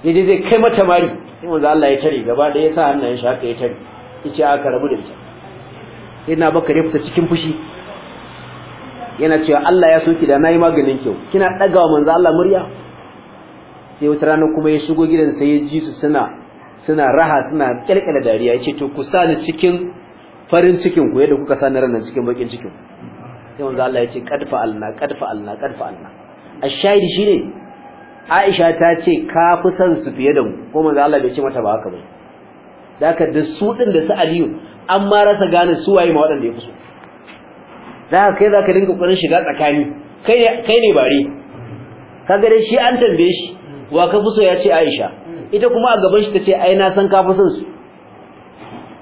je zai kai mata mari sai manzo Allah ya tare gaba da ya sa hannun shi haka ya tare yace aka rabu da sai na baka fita cikin fushi yana cewa Allah ya soki da nayi maganin kyau kina ɗagawa manzo Allah murya sai wata rana kuma ya shigo gidan sai ya ji su suna suna raha suna kyalkyala dariya ce to ku sani cikin farin cikin ku yadda kuka sani ranar cikin bakin cikin sai manzo Allah ya ce qad fa'alna qad fa'alna qad fa'alna ash shi shine Aisha ta ce ka fi su fiye da mu ko manzo Allah bai ce mata ba haka ba da da su din da su Aliyu an ma rasa gane su waye ma waɗanda ya fi so da kai zaka dinga kokarin shiga tsakani kai ne kai ne bare kaga dai shi an tambaye shi wa ka fi so ya ce Aisha ita kuma a gaban shi tace ai na san ka fi su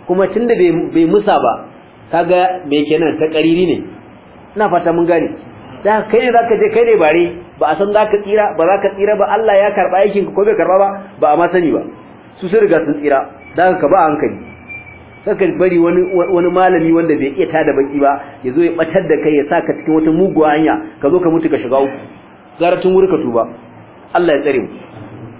kuma tunda bai bai musa ba kaga me kenan ta kariri ne ina fata mun gane da kai ne zaka je kai ne bare ba a san za ka tsira ba za ka tsira ba Allah ya karɓa aikinka ko bai karɓa ba ba a ma sani ba su sun riga sun tsira da ka ba hankali ka bari wani wani malami wanda bai iya tada baki ba ya zo ya batar da kai ya saka cikin wata muguwa hanya ka zo ka mutu ka shiga uku gara tun wuri ka tuba Allah ya tsare mu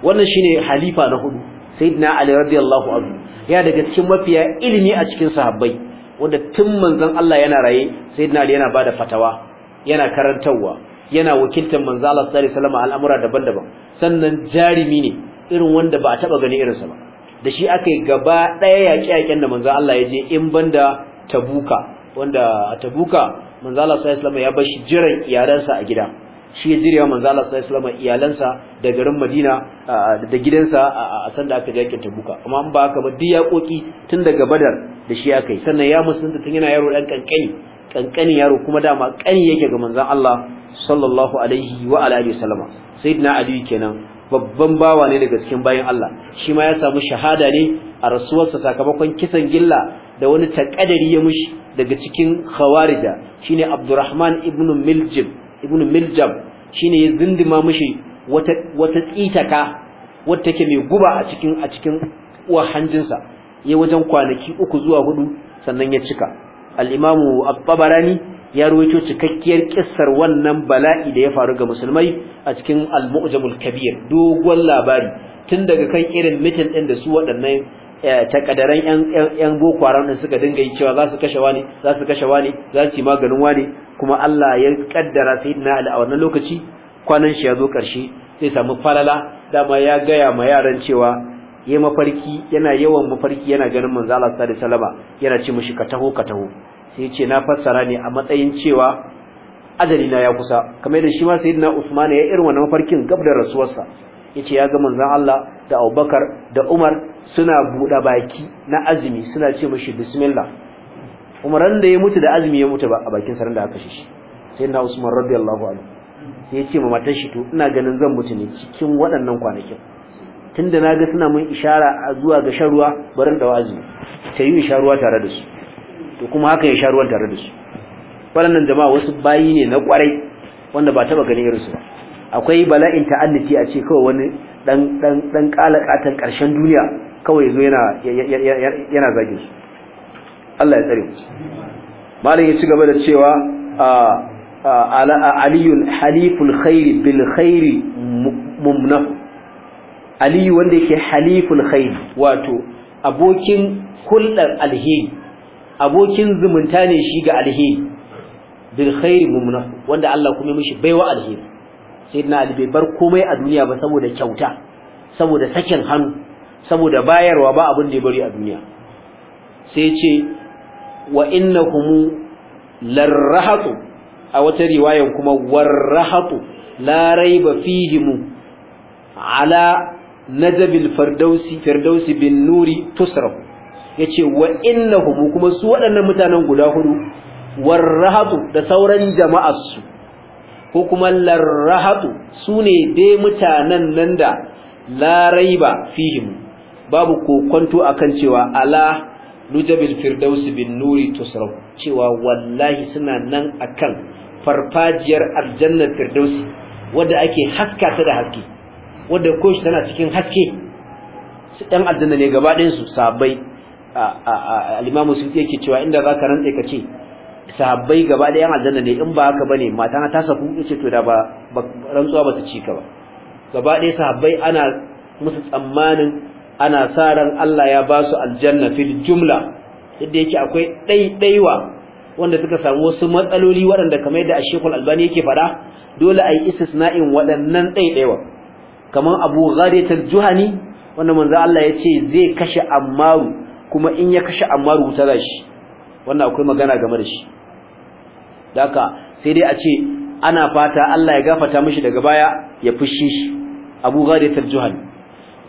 wannan shine halifa na hudu sayyidina ali radiyallahu anhu ya daga cikin mafiya ilimi a cikin sahabbai wanda tun manzon Allah yana raye sayyidina ali yana bada fatawa yana karantarwa. yana wakiltar manzo Allah sallallahu alaihi wasallam al'amura daban-daban sannan jarimi ne irin wanda ba a taba gani irinsa ba da shi aka yi gaba daya yaƙe-yaƙen da manzo Allah ya je in banda Tabuka wanda a Tabuka manzo Allah sallallahu alaihi wasallam ya bar shi jiran iyalansa a gida shi ya jirewa manzo Allah sallallahu alaihi wasallam iyalansa da garin Madina da gidansa a san da aka je yaƙin Tabuka amma in ba haka ba duk tun daga Badar da shi aka yi sannan ya musunta tun yana yaro dan kankani kankani yaro kuma dama kani yake ga manzon Allah sallallahu alaihi wa alihi sallama sayyidina ali kenan babban bawa ne daga cikin bayan Allah shi ma ya samu shahada ne a rasuwarsa sakamakon kisan gilla da wani takaddari ya mushi daga cikin khawarija shine Abdurrahman ibn Miljam ibn Miljam shine ya zindima mushi wata wata tsitaka take mai guba a cikin a cikin uwar hanjinsa ya wajen kwanaki uku zuwa hudu sannan ya cika al-imamu at-tabarani ya rawaito cikakkiyar kissar wannan bala'i da ya faru ga musulmai a cikin al-mu'jamul kabir dogon labari tun daga kan irin mitin din da su waɗannan eh, takadaran yan yan boko haram din suka dinga yi cewa za su kashe wani za su kashe wani za su yi maganin wani kuma Allah ya kaddara sayyidina ali a wannan lokaci kwanan shi ya zo karshe sai samu falala dama ya gaya ma yaran cewa yayi mafarki yana yawan mafarki yana ganin manzo Allah sallallahu alaihi wasallam yana ce mishi ka taho ka taho sai ce na fassara ne a matsayin cewa ajali na ya kusa kamar da shi ma sayyidina Usman ya irin wannan mafarkin gab da rasuwarsa yace ya ga manzo Allah da Abubakar da Umar suna buɗe baki na azumi suna ce mishi bismillah Umaran da ya mutu da azumi ya mutu ba a bakin sarin da aka shi sayyidina Usman radiyallahu anhu sai ya ce ma matar shi to ina ganin zan mutu ne cikin waɗannan kwanakin tunda na ga suna mun ishara zuwa ga sharuwa ruwa barin da wazi sai yi sharuwa tare da su to kuma haka ya sharuwan ruwan tare da su wannan jama'a wasu bayi ne na kwarai wanda ba taba ganin irinsu ba akwai bala'in ta'annuti a ce kawai wani dan dan dan kalakatan karshen duniya kawai yazo yana yana zagin su Allah ya tsare mu malam ya ci gaba da cewa a aliyun haliful khairi bil khairi mumnahu aliyu wanda yake haliful khairi wato abokin hulɗar alheri abokin zumunta ne shi ga alheri bil khairi mumna wanda Allah kuma ya mishi baiwa alheri sayyidina ali bai bar komai a duniya ba saboda kyauta saboda sakin hannu saboda bayarwa ba abin da ya bari a duniya sai ce wa innakum larrahatu a wata riwayan kuma warrahatu la raiba fihim ala najabil firdausi firdausi bin nuri tusrahu yace wa innahum kuma su waɗannan mutanen guda hudu warrahatu da sauran jama'ar su ko kuma larrahatu sune dai mutanen nan da la raiba fihim babu kokonto akan cewa ala nujabil firdausi bin nuri tusrahu cewa wallahi suna nan akan farfajiyar aljannar firdausi wadda ake haskata da haske wanda shi tana cikin haske su ɗan aljanna ne gaba ɗayan su sahabbai al'imamu su yake cewa inda za ka rantsa ka ce sahabbai gaba ɗayan aljanna ne in ba haka bane mata na ta ku ce to da ba rantsuwa ba ta ci ka ba gaba ɗaya sahabbai ana musu tsammanin ana sa ran Allah ya ba su aljanna fil jumla yadda yake akwai ɗaiɗaiwa wanda suka samu wasu matsaloli waɗanda kamar yadda shekul Albani yake faɗa dole a yi istisna'in waɗannan ɗaiɗaiwa kamar Abu ta Juhani wanda manzo Allah ya ce zai kashe Ammaru kuma in ya kashe Ammaru wuta za shi wannan akwai magana game da shi daka sai dai a ce ana fata Allah ya gafarta mishi daga baya ya fushi shi Abu ta Juhani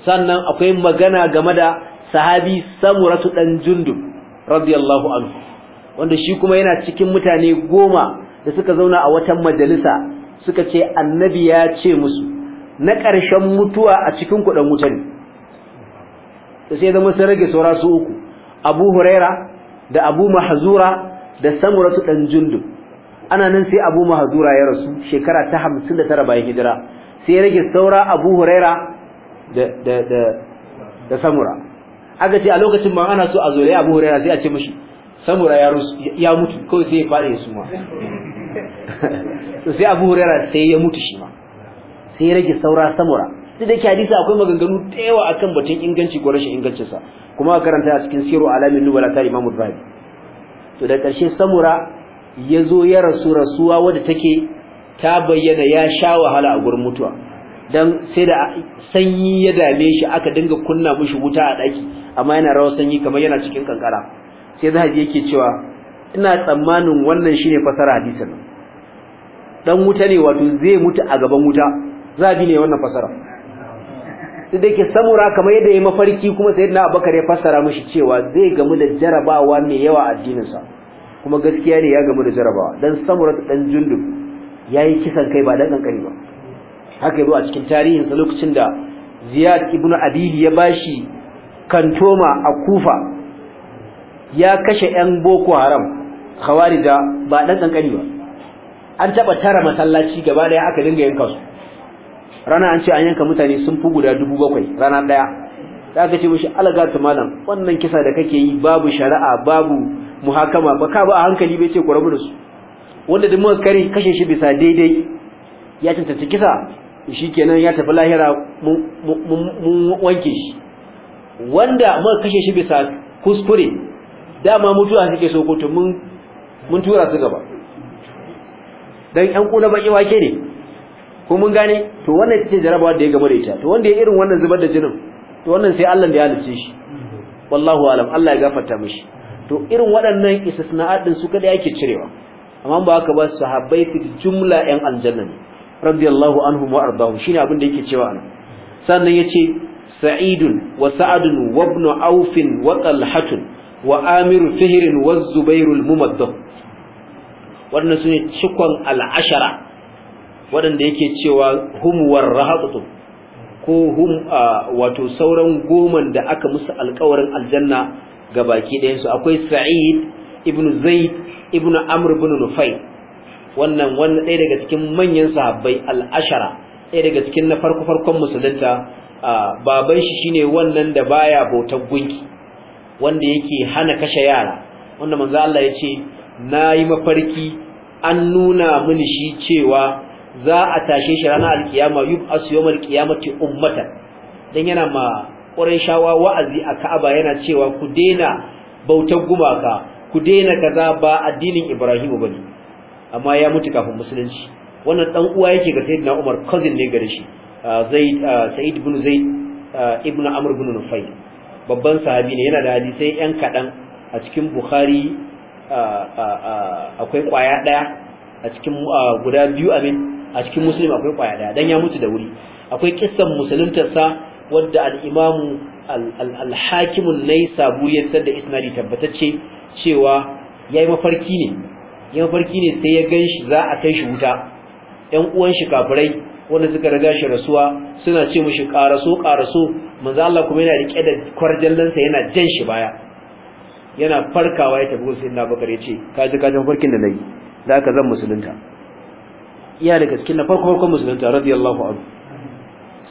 sannan akwai magana game da sahabi Samuratu dan Jundub radiyallahu anhu wanda shi kuma yana cikin mutane goma da suka zauna a wata majalisa suka ce annabi ya ce musu na ƙarshen mutuwa a cikin kuɗin wuta ne sai zama sun rage saura su uku abu huraira da abu mahazura da samura su ɗan jundu ana nan sai abu mahazura ya rasu shekara ta hamsin da tara bayan hijira sai ya rage saura abu huraira da samura aka ce a lokacin ma ana so a zo abu huraira sai a ce mashi samura ya rasu ya mutu kawai sai ya faɗi su ma [laughs] sai abu huraira sai ya mutu shi ma sai rage saura samura duk da ke hadisi akwai maganganu tewa yawa akan batun inganci ko rashin ingancinsa kuma a karanta a cikin siru alamin nubala ta imamu zahabi to da ƙarshe samura ya zo ya rasu rasuwa wadda take ta bayyana ya sha wahala a gurin mutuwa dan sai da sanyi ya dame shi aka dinga kunna mishi wuta a daki amma yana rawar sanyi kamar yana cikin kankara sai zahabi yake cewa ina tsammanin wannan shine fasara hadisin dan wuta ne wato zai mutu a gaban wuta zabi ne wannan fasara duk da yake samura kamar yadda ya mafarki kuma sayyidina abubakar ya fassara mishi cewa zai gamu da jarabawa mai yawa a addininsa kuma gaskiya ne ya gamu da jarabawa dan samura dan jundub yayi kisan kai ba dan kankani ba haka yazo a cikin tarihinsa lokacin da ziyad ibn abili ya bashi kantoma a kufa ya kashe yan boko haram khawarija ba dan kankani ba an taba tara masallaci gaba daya aka dinga yanka kasu. rana an ce an yanka mutane sun fi guda dubu bakwai rana ɗaya da aka ce alaga ta malam wannan kisa da kake yi babu shari'a babu muhakama ba ka ba a hankali bai ce ku rabu da su wanda duk muka kare kashe shi bisa daidai ya cancanci kisa shi kenan ya tafi lahira mun wanke shi wanda muka kashe shi bisa kuskure dama mutuwa suke so mun mun tura su gaba dan yan kula baki wake ne ko mun gane to wannan ita ce jarabawa da ya gama da ita to wanda ya irin wannan zubar da jinin to wannan sai Allah da ya halice shi wallahu alam Allah ya gafarta mishi to irin waɗannan istisna'at din su kada yake cirewa amma ba haka ba sahabbai fi jumla yan aljanna radiyallahu anhum wa ardahum shine abin da yake cewa anan sannan yace sa'idun wa sa'adun wa ibn aufin wa talhatun wa amir fihrin wa zubairul mumaddah wannan sune cikon al'ashara waɗanda yake cewa hum warahatu ko hum wato sauran goman da aka musu alƙawarin aljanna ga baki ɗayan su akwai sa'id ibnu zaid ibnu amr ibn nufay wannan wannan ɗaya daga cikin manyan sahabbai al-ashara ɗaya daga cikin na farko farkon musulunta baban shi shine wannan da baya bautar gunki wanda yake hana kashe yara wanda manzo Allah ya ce nayi mafarki an nuna mini shi cewa za a tashe shi ranar alkiyama as yawm alkiyamati ummata dan yana ma shawa wa'azi a Ka'aba yana cewa ku daina bautar gumaka ku daina kaza ba addinin Ibrahim bane amma ya mutu kafin musulunci wannan dan uwa yake ga Sayyidina Umar cousin ne gare shi Zaid Sa'id ibn Zaid ibn Amr ibn Nufayl babban sahabi ne yana da sai yan kadan a cikin Bukhari akwai kwaya daya a cikin guda biyu amin a cikin musulmi akwai kwaya daya dan ya mutu da wuri akwai kissan musuluntarsa wadda al-imamu al-hakim an-naisaburi ya da isnadi tabbatacce cewa yayi mafarki ne ya mafarki ne sai ya ganshi za a kai shi wuta ɗan uwan shi kafirai wanda suka riga shi rasuwa suna ce mushi karaso karaso manzo Allah kuma yana rike da kwarjallansa yana jan shi baya yana farkawa ya tabbata sai na bakare ce ka ji ka farkin da nayi da aka zan musulunta iya da cikin na farko farkon musulunta radiyallahu anhu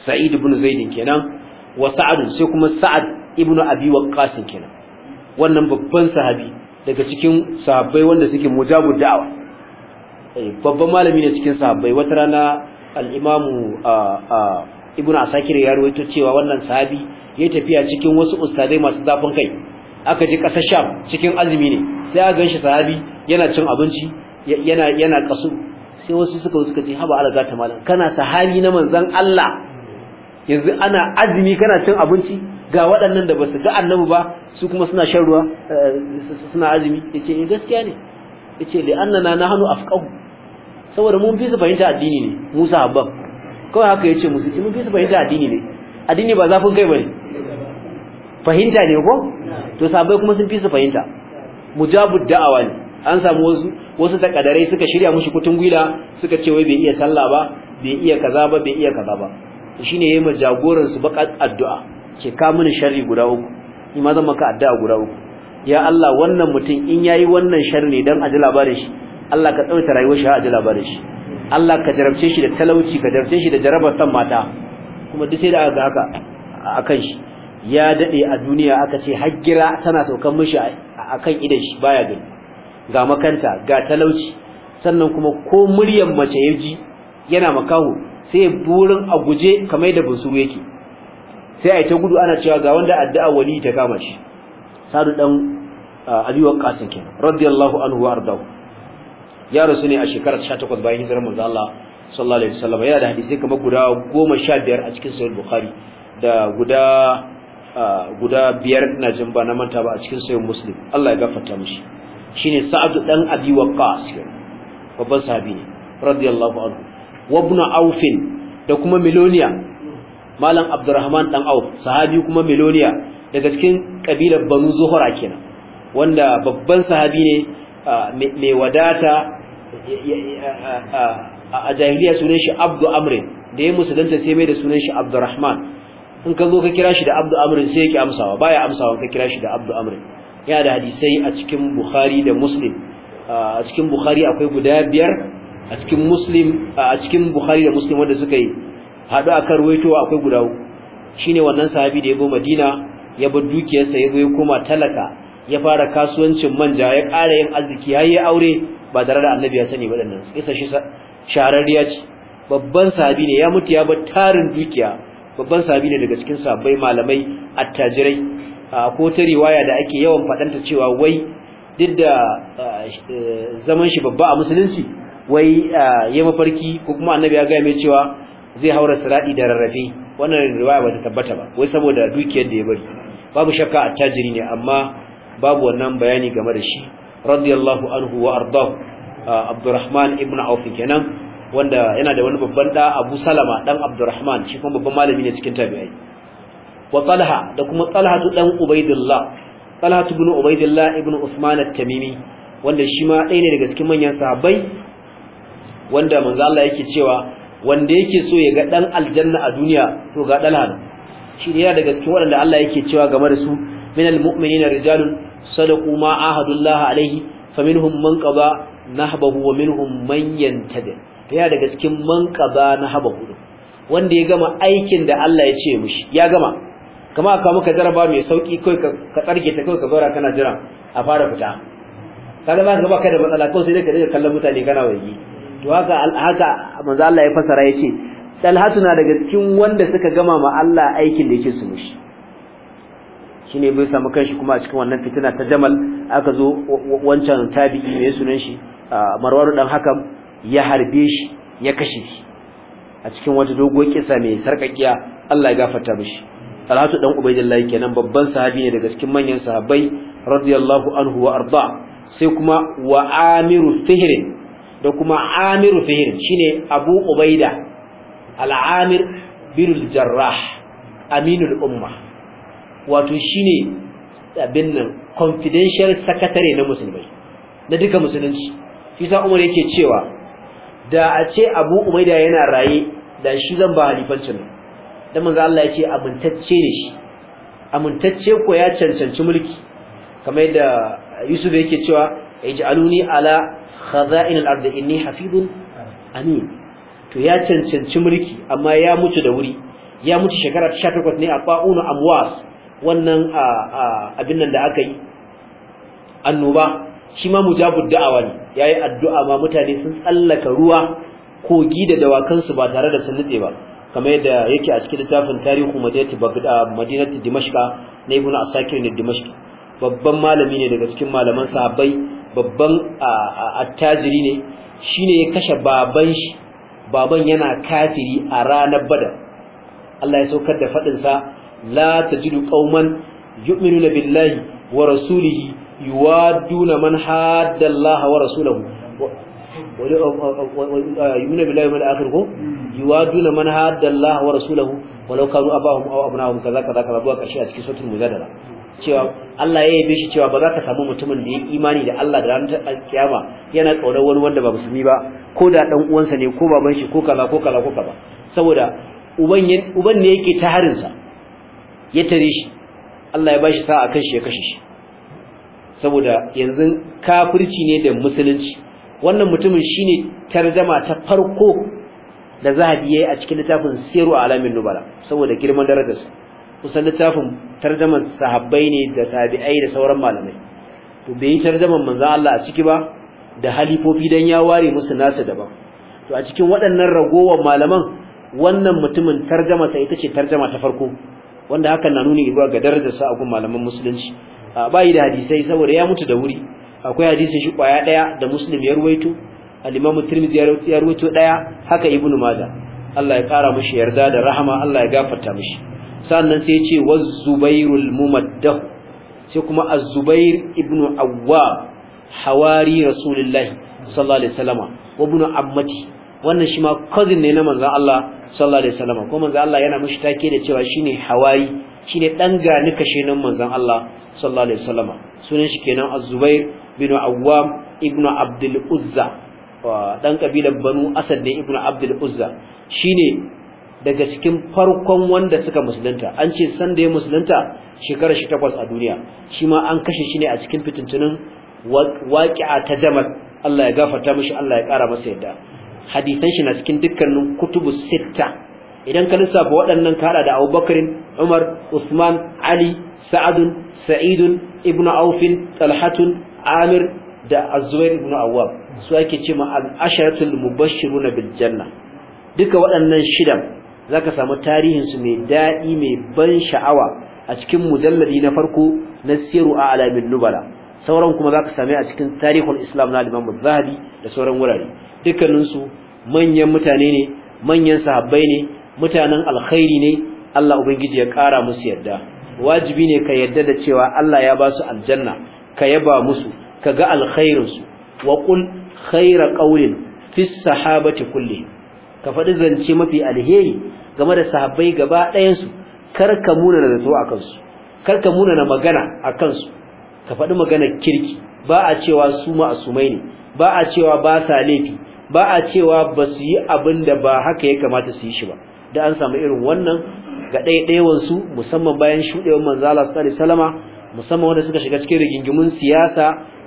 sa'id ibn zaid kenan wa sa'ad sai kuma sa'ad ibn abi waqqas kenan wannan babban sahabi daga cikin sahabbai wanda suke mujabu da'awa eh, babban malami ne cikin sahabbai wata rana al-imamu ibn asakir ya rawaito cewa wannan sahabi ya tafiya cikin wasu ustadai masu zafin kai aka ji kasar sham cikin azumi ne sai a ganshi sahabi yana cin abinci yana yana kasu sai wasu suka suka ce haba alaga ta malam kana sahabi na manzon Allah yanzu ana azumi kana cin abinci ga waɗannan da basu ga annabi ba su kuma suna shan ruwa eh, suna azumi yace in eh, gaskiya ne yace li annana nahnu afqahu saboda mun fi su fahimta addini ne Musa habban kawai haka yace musu eh, mun fi su fahimta addini ne addini ba zafin kai bane fahimta ne ko to sabai kuma sun fi su fahimta mujabud da'awa ne an samu wasu wasu takadarai suka shirya mushi kutun gwila suka ce wai bai iya sallah ba bai iya kaza ba bai iya kaza ba shine yayin ma su baka addu'a ce ka mini sharri guda uku ni ma zan maka addu'a guda uku ya Allah wannan mutum in yayi wannan sharri ne dan aji labarin shi Allah ka tsawaita rayuwar shi a aji labarin shi Allah ka jarabce shi da talauci ka jarabce shi da jarabar san mata kuma duk sai da aka haka akan shi ya dade a duniya aka ce hajjira tana saukan mishi akan idan shi baya gani ga makanta ga talauci sannan kuma ko muryan mace ya ji yana makaho sai ya burin a guje kamar da bunsuru yake sai a yi ta gudu ana cewa ga wanda addu'a wali ta kama shi sadu dan abi kasin kenan radiyallahu anhu wa ardahu ya rasu ne a shekarar 18 bayan hijirar manzo Allah sallallahu alaihi wasallam yana da hadisi kamar guda 15 a cikin sahih bukhari da guda guda biyar na jin ba na manta ba a cikin sahih muslim Allah ya gafarta mishi shine sa'ad dan abi waqqas babban sahabi ne radiyallahu anhu wa ibn auf da kuma miloniya malam abdurrahman dan auf sahabi kuma miloniya daga cikin kabilar banu zuhra kenan wanda babban sahabi ne mai wadata a jahiliya sunan shi abdu amrin da ya musulunta sai mai da sunan shi abdurrahman in ka zo ka kira shi da abdu amrin sai yake amsawa baya amsawa ka kira shi da abdu amrin yana da hadisai a cikin bukhari da muslim a cikin bukhari akwai guda biyar a cikin muslim a cikin bukhari da muslim wanda suka yi haɗu a kan akwai guda uku shine wannan sahabi da ya go madina ya bar dukiyarsa ya ya koma talaka ya fara kasuwancin manja ya ƙara yin arziki ya yi aure ba tare da annabi ya sani ba dannan isa shi shararriya ce babban sahabi ne ya mutu ya bar tarin dukiya babban sahabi ne daga cikin sahabbai malamai attajirai ko ta riwaya da ake yawan fadanta cewa wai duk da e, zaman shi babba a musulunci wai ya mafarki ko kuma annabi ya gaya mai cewa zai haura sirati da rarrafe wannan riwaya ba ta tabbata ba wai saboda dukiyar da ya bari babu shakka attajiri ne amma babu wannan bayani game da shi radiyallahu anhu wa ardahu Abdurrahman ibn Auf kenan wanda yana da wani babban da Abu Salama dan Abdurrahman shi kuma babban malami ne cikin tabi'ai wa talha da kuma talha dan ubaidillah talha ibn ubaidillah ibn usman at-tamimi wanda shi ma ɗaya ne daga cikin manyan sahabbai wanda manzo Allah yake cewa wanda yake so ya ga dan aljanna a duniya to ga dalal shi ne daga cikin wanda Allah yake cewa game da su al mu'minina rijalun sadaqu ma ahadullah alaihi faminhum man qada nahbahu wa minhum man yantabi ya daga cikin man qada nahbahu wanda ya gama aikin da Allah ya ce mishi ya gama kama ka muka jaraba mai sauki kai ka tsarge ta kai ka zaura kana jira a fara fita kada ba ka kai da matsala ko sai dai ka dinga kallon mutane kana wayi to haka haka manzo Allah ya fasara yace talhatuna na daga cikin wanda suka gama ma Allah aikin da yake su mushi shine bai samu kanshi kuma a cikin wannan fitina ta Jamal aka zo wancan tabi'i mai sunan shi Marwaru dan Hakam ya harbe shi ya kashe shi a cikin wata doguwar kisa mai sarkakiya Allah ya gafarta mishi talatu dan ubaidillah kenan babban sahabi ne daga cikin manyan sahabbai radiyallahu anhu wa arda sai kuma wa amiru fihr da kuma amiru fihr shine abu ubaida al-amir birul jarrah aminul umma wato shine abin nan confidential secretary na musulmai na duka musulunci isa umar yake cewa da a ce abu ubaida yana raye da shi zan ba halifancin dan manzo Allah yake amintacce ne shi amintacce ko ya cancanci mulki kamar yadda Yusuf yake cewa ij'aluni ala khaza'in al-ard inni hafizun amin to ya cancanci mulki amma ya mutu da wuri ya mutu shekara 18 ne a fa'unu amwas wannan abin nan da aka yi annoba shi ma mujabud da'awa ne yayi addu'a ma mutane sun tsallaka ruwa kogi da dawakan su ba tare da sun nutse ba kamar yadda yake a cikin littafin tarihu madinati bagda madinati dimashqa na ibn asakir ne dimashqi babban malami ne daga cikin malaman sahabbai babban attajiri ne shine ya kashe baban shi baban yana kafiri a ranar badar Allah ya saukar da fadin sa la tajidu qauman yu'minuna billahi wa rasulihi yuwaduna man hadda Allah wa rasulahu ويؤمن بالله من الآخر هو يوادون من هاد الله ورسوله ولو كانوا أباهم أو أبناهم كذا كذا كذا بواك أشياء cikin suratul mujadala cewa Allah ya yabe shi cewa ba za ka samu mutumin da ya imani da Allah da ranar kiyama yana kaunar wani wanda ba musulmi ba ko da dan uwansa ne ko baban shi ko kaza ko kaza ko kaza saboda uban uban ne yake harin sa ya tare shi Allah ya bashi sa'a kan shi ya kashe shi saboda yanzu kafirci ne da musulunci wannan mutumin shi ne tarjama ta farko da zahabi yayi a cikin littafin siru alamin nubala saboda girman darajarsa kusan littafin tarjaman sahabbai ne da tabi'ai da sauran malamai to bai yi tarjaman manzon Allah a ciki ba da halifofi dan ya ware musu nasu daban to a cikin waɗannan ragowar malaman wannan mutumin tarjama sa ita ce tarjama ta farko wanda hakan na nuni ga ga darajarsa a gun malaman musulunci ba yi da hadisai saboda ya mutu da wuri akwai hadisin shi kwaya daya da muslim ya ruwaito al-imamu tirmidhi ya ruwaito daya haka ibnu majah Allah ya kara mishi yarda da rahama Allah ya gafarta mishi sannan sai ya ce waz-zubairul mumaddah sai kuma az-zubair ibnu awwab hawari rasulullahi sallallahu alaihi wasallama wa ibnu ammati wannan shi ma cousin ne na manzon Allah sallallahu alaihi wasallama ko manzon Allah yana mishi take da cewa shine hawari shine dan ni kashe nan manzon Allah sallallahu alaihi wasallama sunan shi kenan az-zubair bin awwam ibnu abdul uzza dan kabilan banu asad ne ibnu abdul uzza shine daga cikin farkon wanda suka musulunta an ce san da ya musulunta shekarar shi takwas a duniya shi ma an kashe shi ne a cikin fitintunin waƙi'a ta jama'a. Allah ya gafarta mishi Allah ya ƙara masa yadda hadisan shi na cikin dukkanin kutubu sita. idan ka lissafa waɗannan hada da Abubakar Umar Usman Ali Sa'ad Sa'id Ibn Auf Talhat amir da azubair ibn awwab su ake ce ma al-asharatul mubashshiruna bil janna duka waɗannan shidan zaka samu tarihin su mai dadi mai ban sha'awa a cikin mujalladi na farko na siru a alamin nubala sauran kuma zaka same a cikin tarihul islam na al-imam zahabi da sauran wurare dukkanin su manyan mutane ne manyan sahabbai ne mutanen alkhairi ne Allah ubangiji ya kara musu yadda wajibi ne ka yadda da cewa Allah ya ba su aljanna ka yaba musu ka ga alkhairinsu wa qul khaira qawlin fi sahabati kulli ka faɗi zance mafi alheri game da sahabbai gaba ɗayansu kar ka muna da zato akan kansu kar ka muna na magana a kansu ka faɗi magana kirki ba a cewa su ma'asumai ne ba a cewa ba sa laifi ba a cewa ba su yi abin da ba haka ya kamata su yi shi ba da an samu irin wannan ga ɗaya ɗayawansu musamman bayan shuɗewar manzala sallallahu alaihi wasallama musamman wanda suka shiga cikin rigingimun siyasa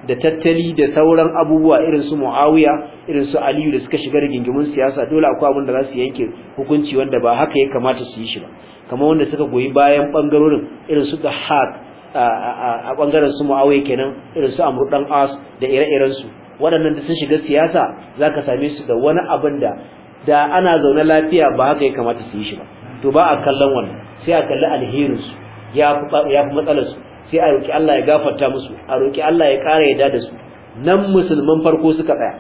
da tattali da sauran abubuwa irin su Muawiya irin su Aliyu da suka shiga rigingimun siyasa dole akwai abin da za su yanke hukunci wanda ba haka ya kamata su yi shi ba kamar wanda suka goyi bayan bangarorin irin su Dahak a bangaren su Muawiya kenan irin su Amr dan As da ire-iren su waɗannan da sun shiga siyasa zaka same su da wani abin da da ana zaune lafiya ba haka ya kamata su yi shi ba to ba a kallon wannan sai a kalli alherinsu ya fi matsalarsu sai a roƙi Allah ya gafarta musu a roƙi Allah ya ƙara yadda da su nan musulman farko suka tsaya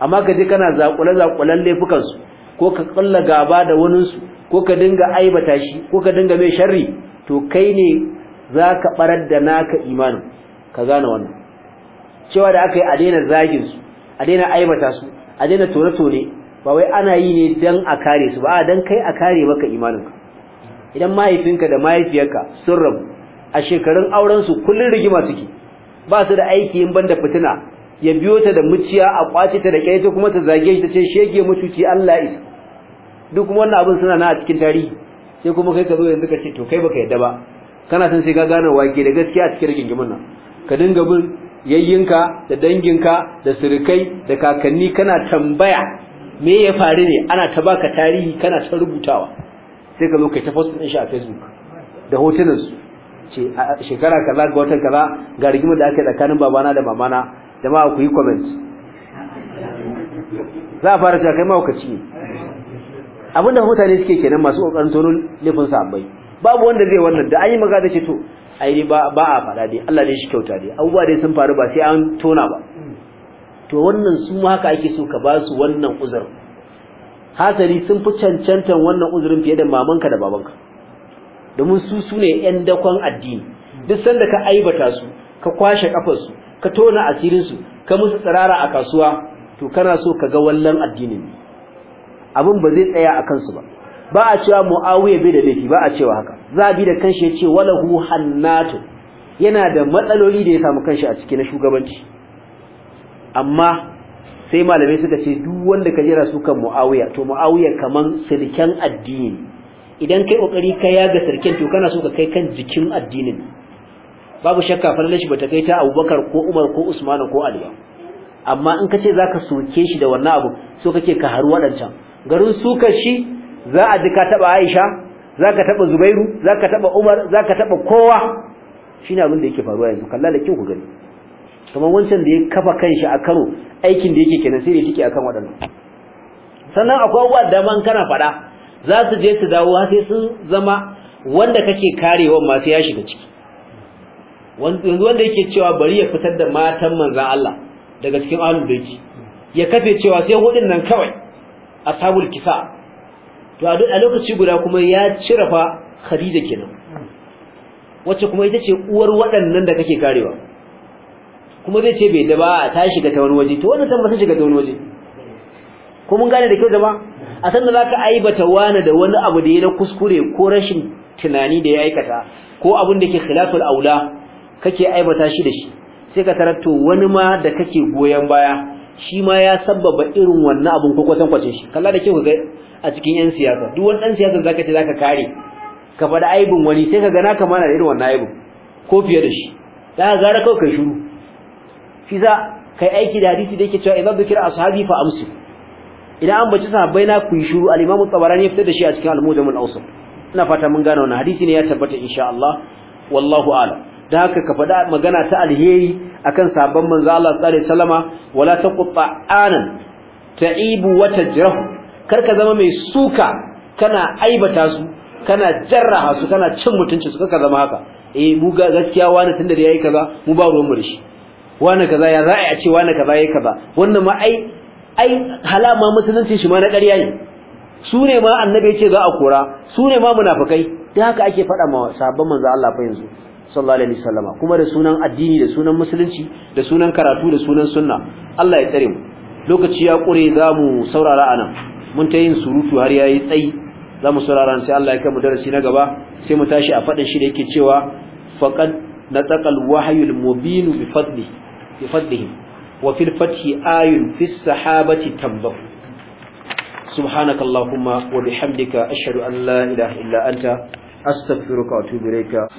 amma ka je kana zakule zakulan laifukan su ko ka kulla gaba da wani su ko ka dinga aibata shi ko ka dinga mai sharri to kai ne zaka barar da naka imanin ka gane wannan cewa da aka yi a daina zagin su a daina aibata su a daina tone-tone ba wai ana yi ne dan a kare su ba a dan kai a kare maka imaninka idan mahaifinka da mahaifiyarka sun rabu a shekarun auren su kullun rigima suke ba su da aiki in banda fitina ya biyo ta da muciya a kwace ta da kai ta kuma ta zage shi ta ce shege mutuci Allah isa duk wannan abin suna na a cikin tarihi sai kuma kai ka zo yanzu ka ce to kai baka yadda ba kana san sai ka gane wake da gaskiya a cikin rigingimin nan ka dinga bin yayyinka da danginka da surukai da kakanni kana tambaya me ya faru ne ana ta baka tarihi kana ta rubutawa sai ka zo kai ta post din shi a Facebook da hotunansu shekara kaza ga watan kaza ga rigimar da aka yi tsakanin babana da mamana jama'a ku yi comment za a fara cewa kai mahaukaci ne abinda mutane suke kenan masu kokarin tono laifin sabai babu wanda zai wannan da an yi magana ce to ai ba ba a fada dai Allah ne shi kyauta dai abubuwa dai sun faru ba sai an tona ba to wannan su ma haka ake so ka ba su wannan uzur hasari sun fi cancantan wannan uzurin fiye da mamanka da babanka domin su su ne ‘yan dakon addini duk sanda ka aibata su ka kwashe kafarsu ka tona asirinsu ka musu tsirara a kasuwa to kana so ka ga wallan addinin abin ba zai tsaya a kansu ba ba a cewa mu'awiya bai da laifi ba a cewa haka za a bi da kanshi ya ce walahu hannatu yana da matsaloli da ya samu kanshi a ciki na shugabanci amma sai malamai suka ce duk wanda ka jira su kan mu'awiya to mu'awiya kaman silken addini idan kai kokari ka yaga sarkin to kana so ka kai kan jikin addinin babu shakka falalar shi bata kai ta Abubakar ko Umar ko Usman ko Ali ba amma in kace zaka soke shi da wannan abu so kake ka haru wadancan garin sukar shi za a duka taba Aisha zaka taba Zubairu zaka taba Umar zaka taba kowa shine abin da yake faruwa yanzu kalla da kin ku gani kamar wancan da ya kafa kanshi a karo aikin da yake kenan sai da yake akan wadannan sannan akwai abubuwa da man kana fada za su je su dawo har sai sun zama wanda kake karewa ma sai ya shiga ciki wanda wanda yake cewa bari ya fitar da matan manzan Allah daga cikin ahlul baiti ya kafe cewa sai hudin nan kawai ashabul kisa to a lokaci guda kuma ya cire fa khadija kenan wacce kuma ita ce uwar waɗannan da kake karewa kuma zai ce bai da ba ta shiga ta wani waje to wannan san ba ta shiga ta wani waje ko mun gane da kyau jama'a a sanda da zaka aibata wani da wani abu da ya na kuskure ko rashin tunani da ya aikata ko abin da ke khilaful aula kake aibata shi da shi sai ka taratto wani ma da kake goyen baya shi ma ya sabbaba irin wannan abun ko kwatan kwace shi kalla da kyau ga a cikin yan siyasa duk wani dan siyasa zaka ce zaka kare ka faɗi aibin wani sai ka ga naka mana da irin wannan aibin ko fiye da shi zaka gara kawai kai shiru Fiza za kai aiki da hadisi da yake cewa idan dhukira ashabi fa amsu idan an bace sahabbai na ku yi shiru al-Imam Tabarani ya fitar da shi a cikin al-Mujam al-Awsat ina fata mun gane wannan hadisi ne ya tabbata insha Allah wallahu a'lam da haka ka faɗa magana ta alheri akan sabon manzo Allah sallallahu alaihi wasallama wala taqta anan ta'ibu wa tajrahu kar ka zama mai suka kana aibata su kana jarraha su kana cin mutunci su kaka zama haka eh mu ga gaskiya wani tunda da yayi kaza mu ba ruwan mu da shi wani kaza ya za'a ce wani kaza yayi kaza wannan ma ai ai halama musulunci shi ma na ƙarya ne su ne ma annabi ce za a kora su ne ma munafikai da haka ake faɗa ma sabon manzo Allah fa yanzu sallallahu alaihi wasallama kuma da sunan addini da sunan musulunci da sunan karatu da sunan sunna Allah ya tsare mu lokaci ya kure zamu saurara anan mun ta yin surutu har yayi tsayi zamu saurara sai Allah ya kai mu darasi na gaba sai mu tashi a fadin shi da yake cewa faqad nataqal wahyul mubin bi fadli bi fadlihi wa fil fathi ayun fis sahabati tambah سبحانك اللهم وبحمدك أشهد أن لا إله إلا أنت أستغفرك وأتوب إليك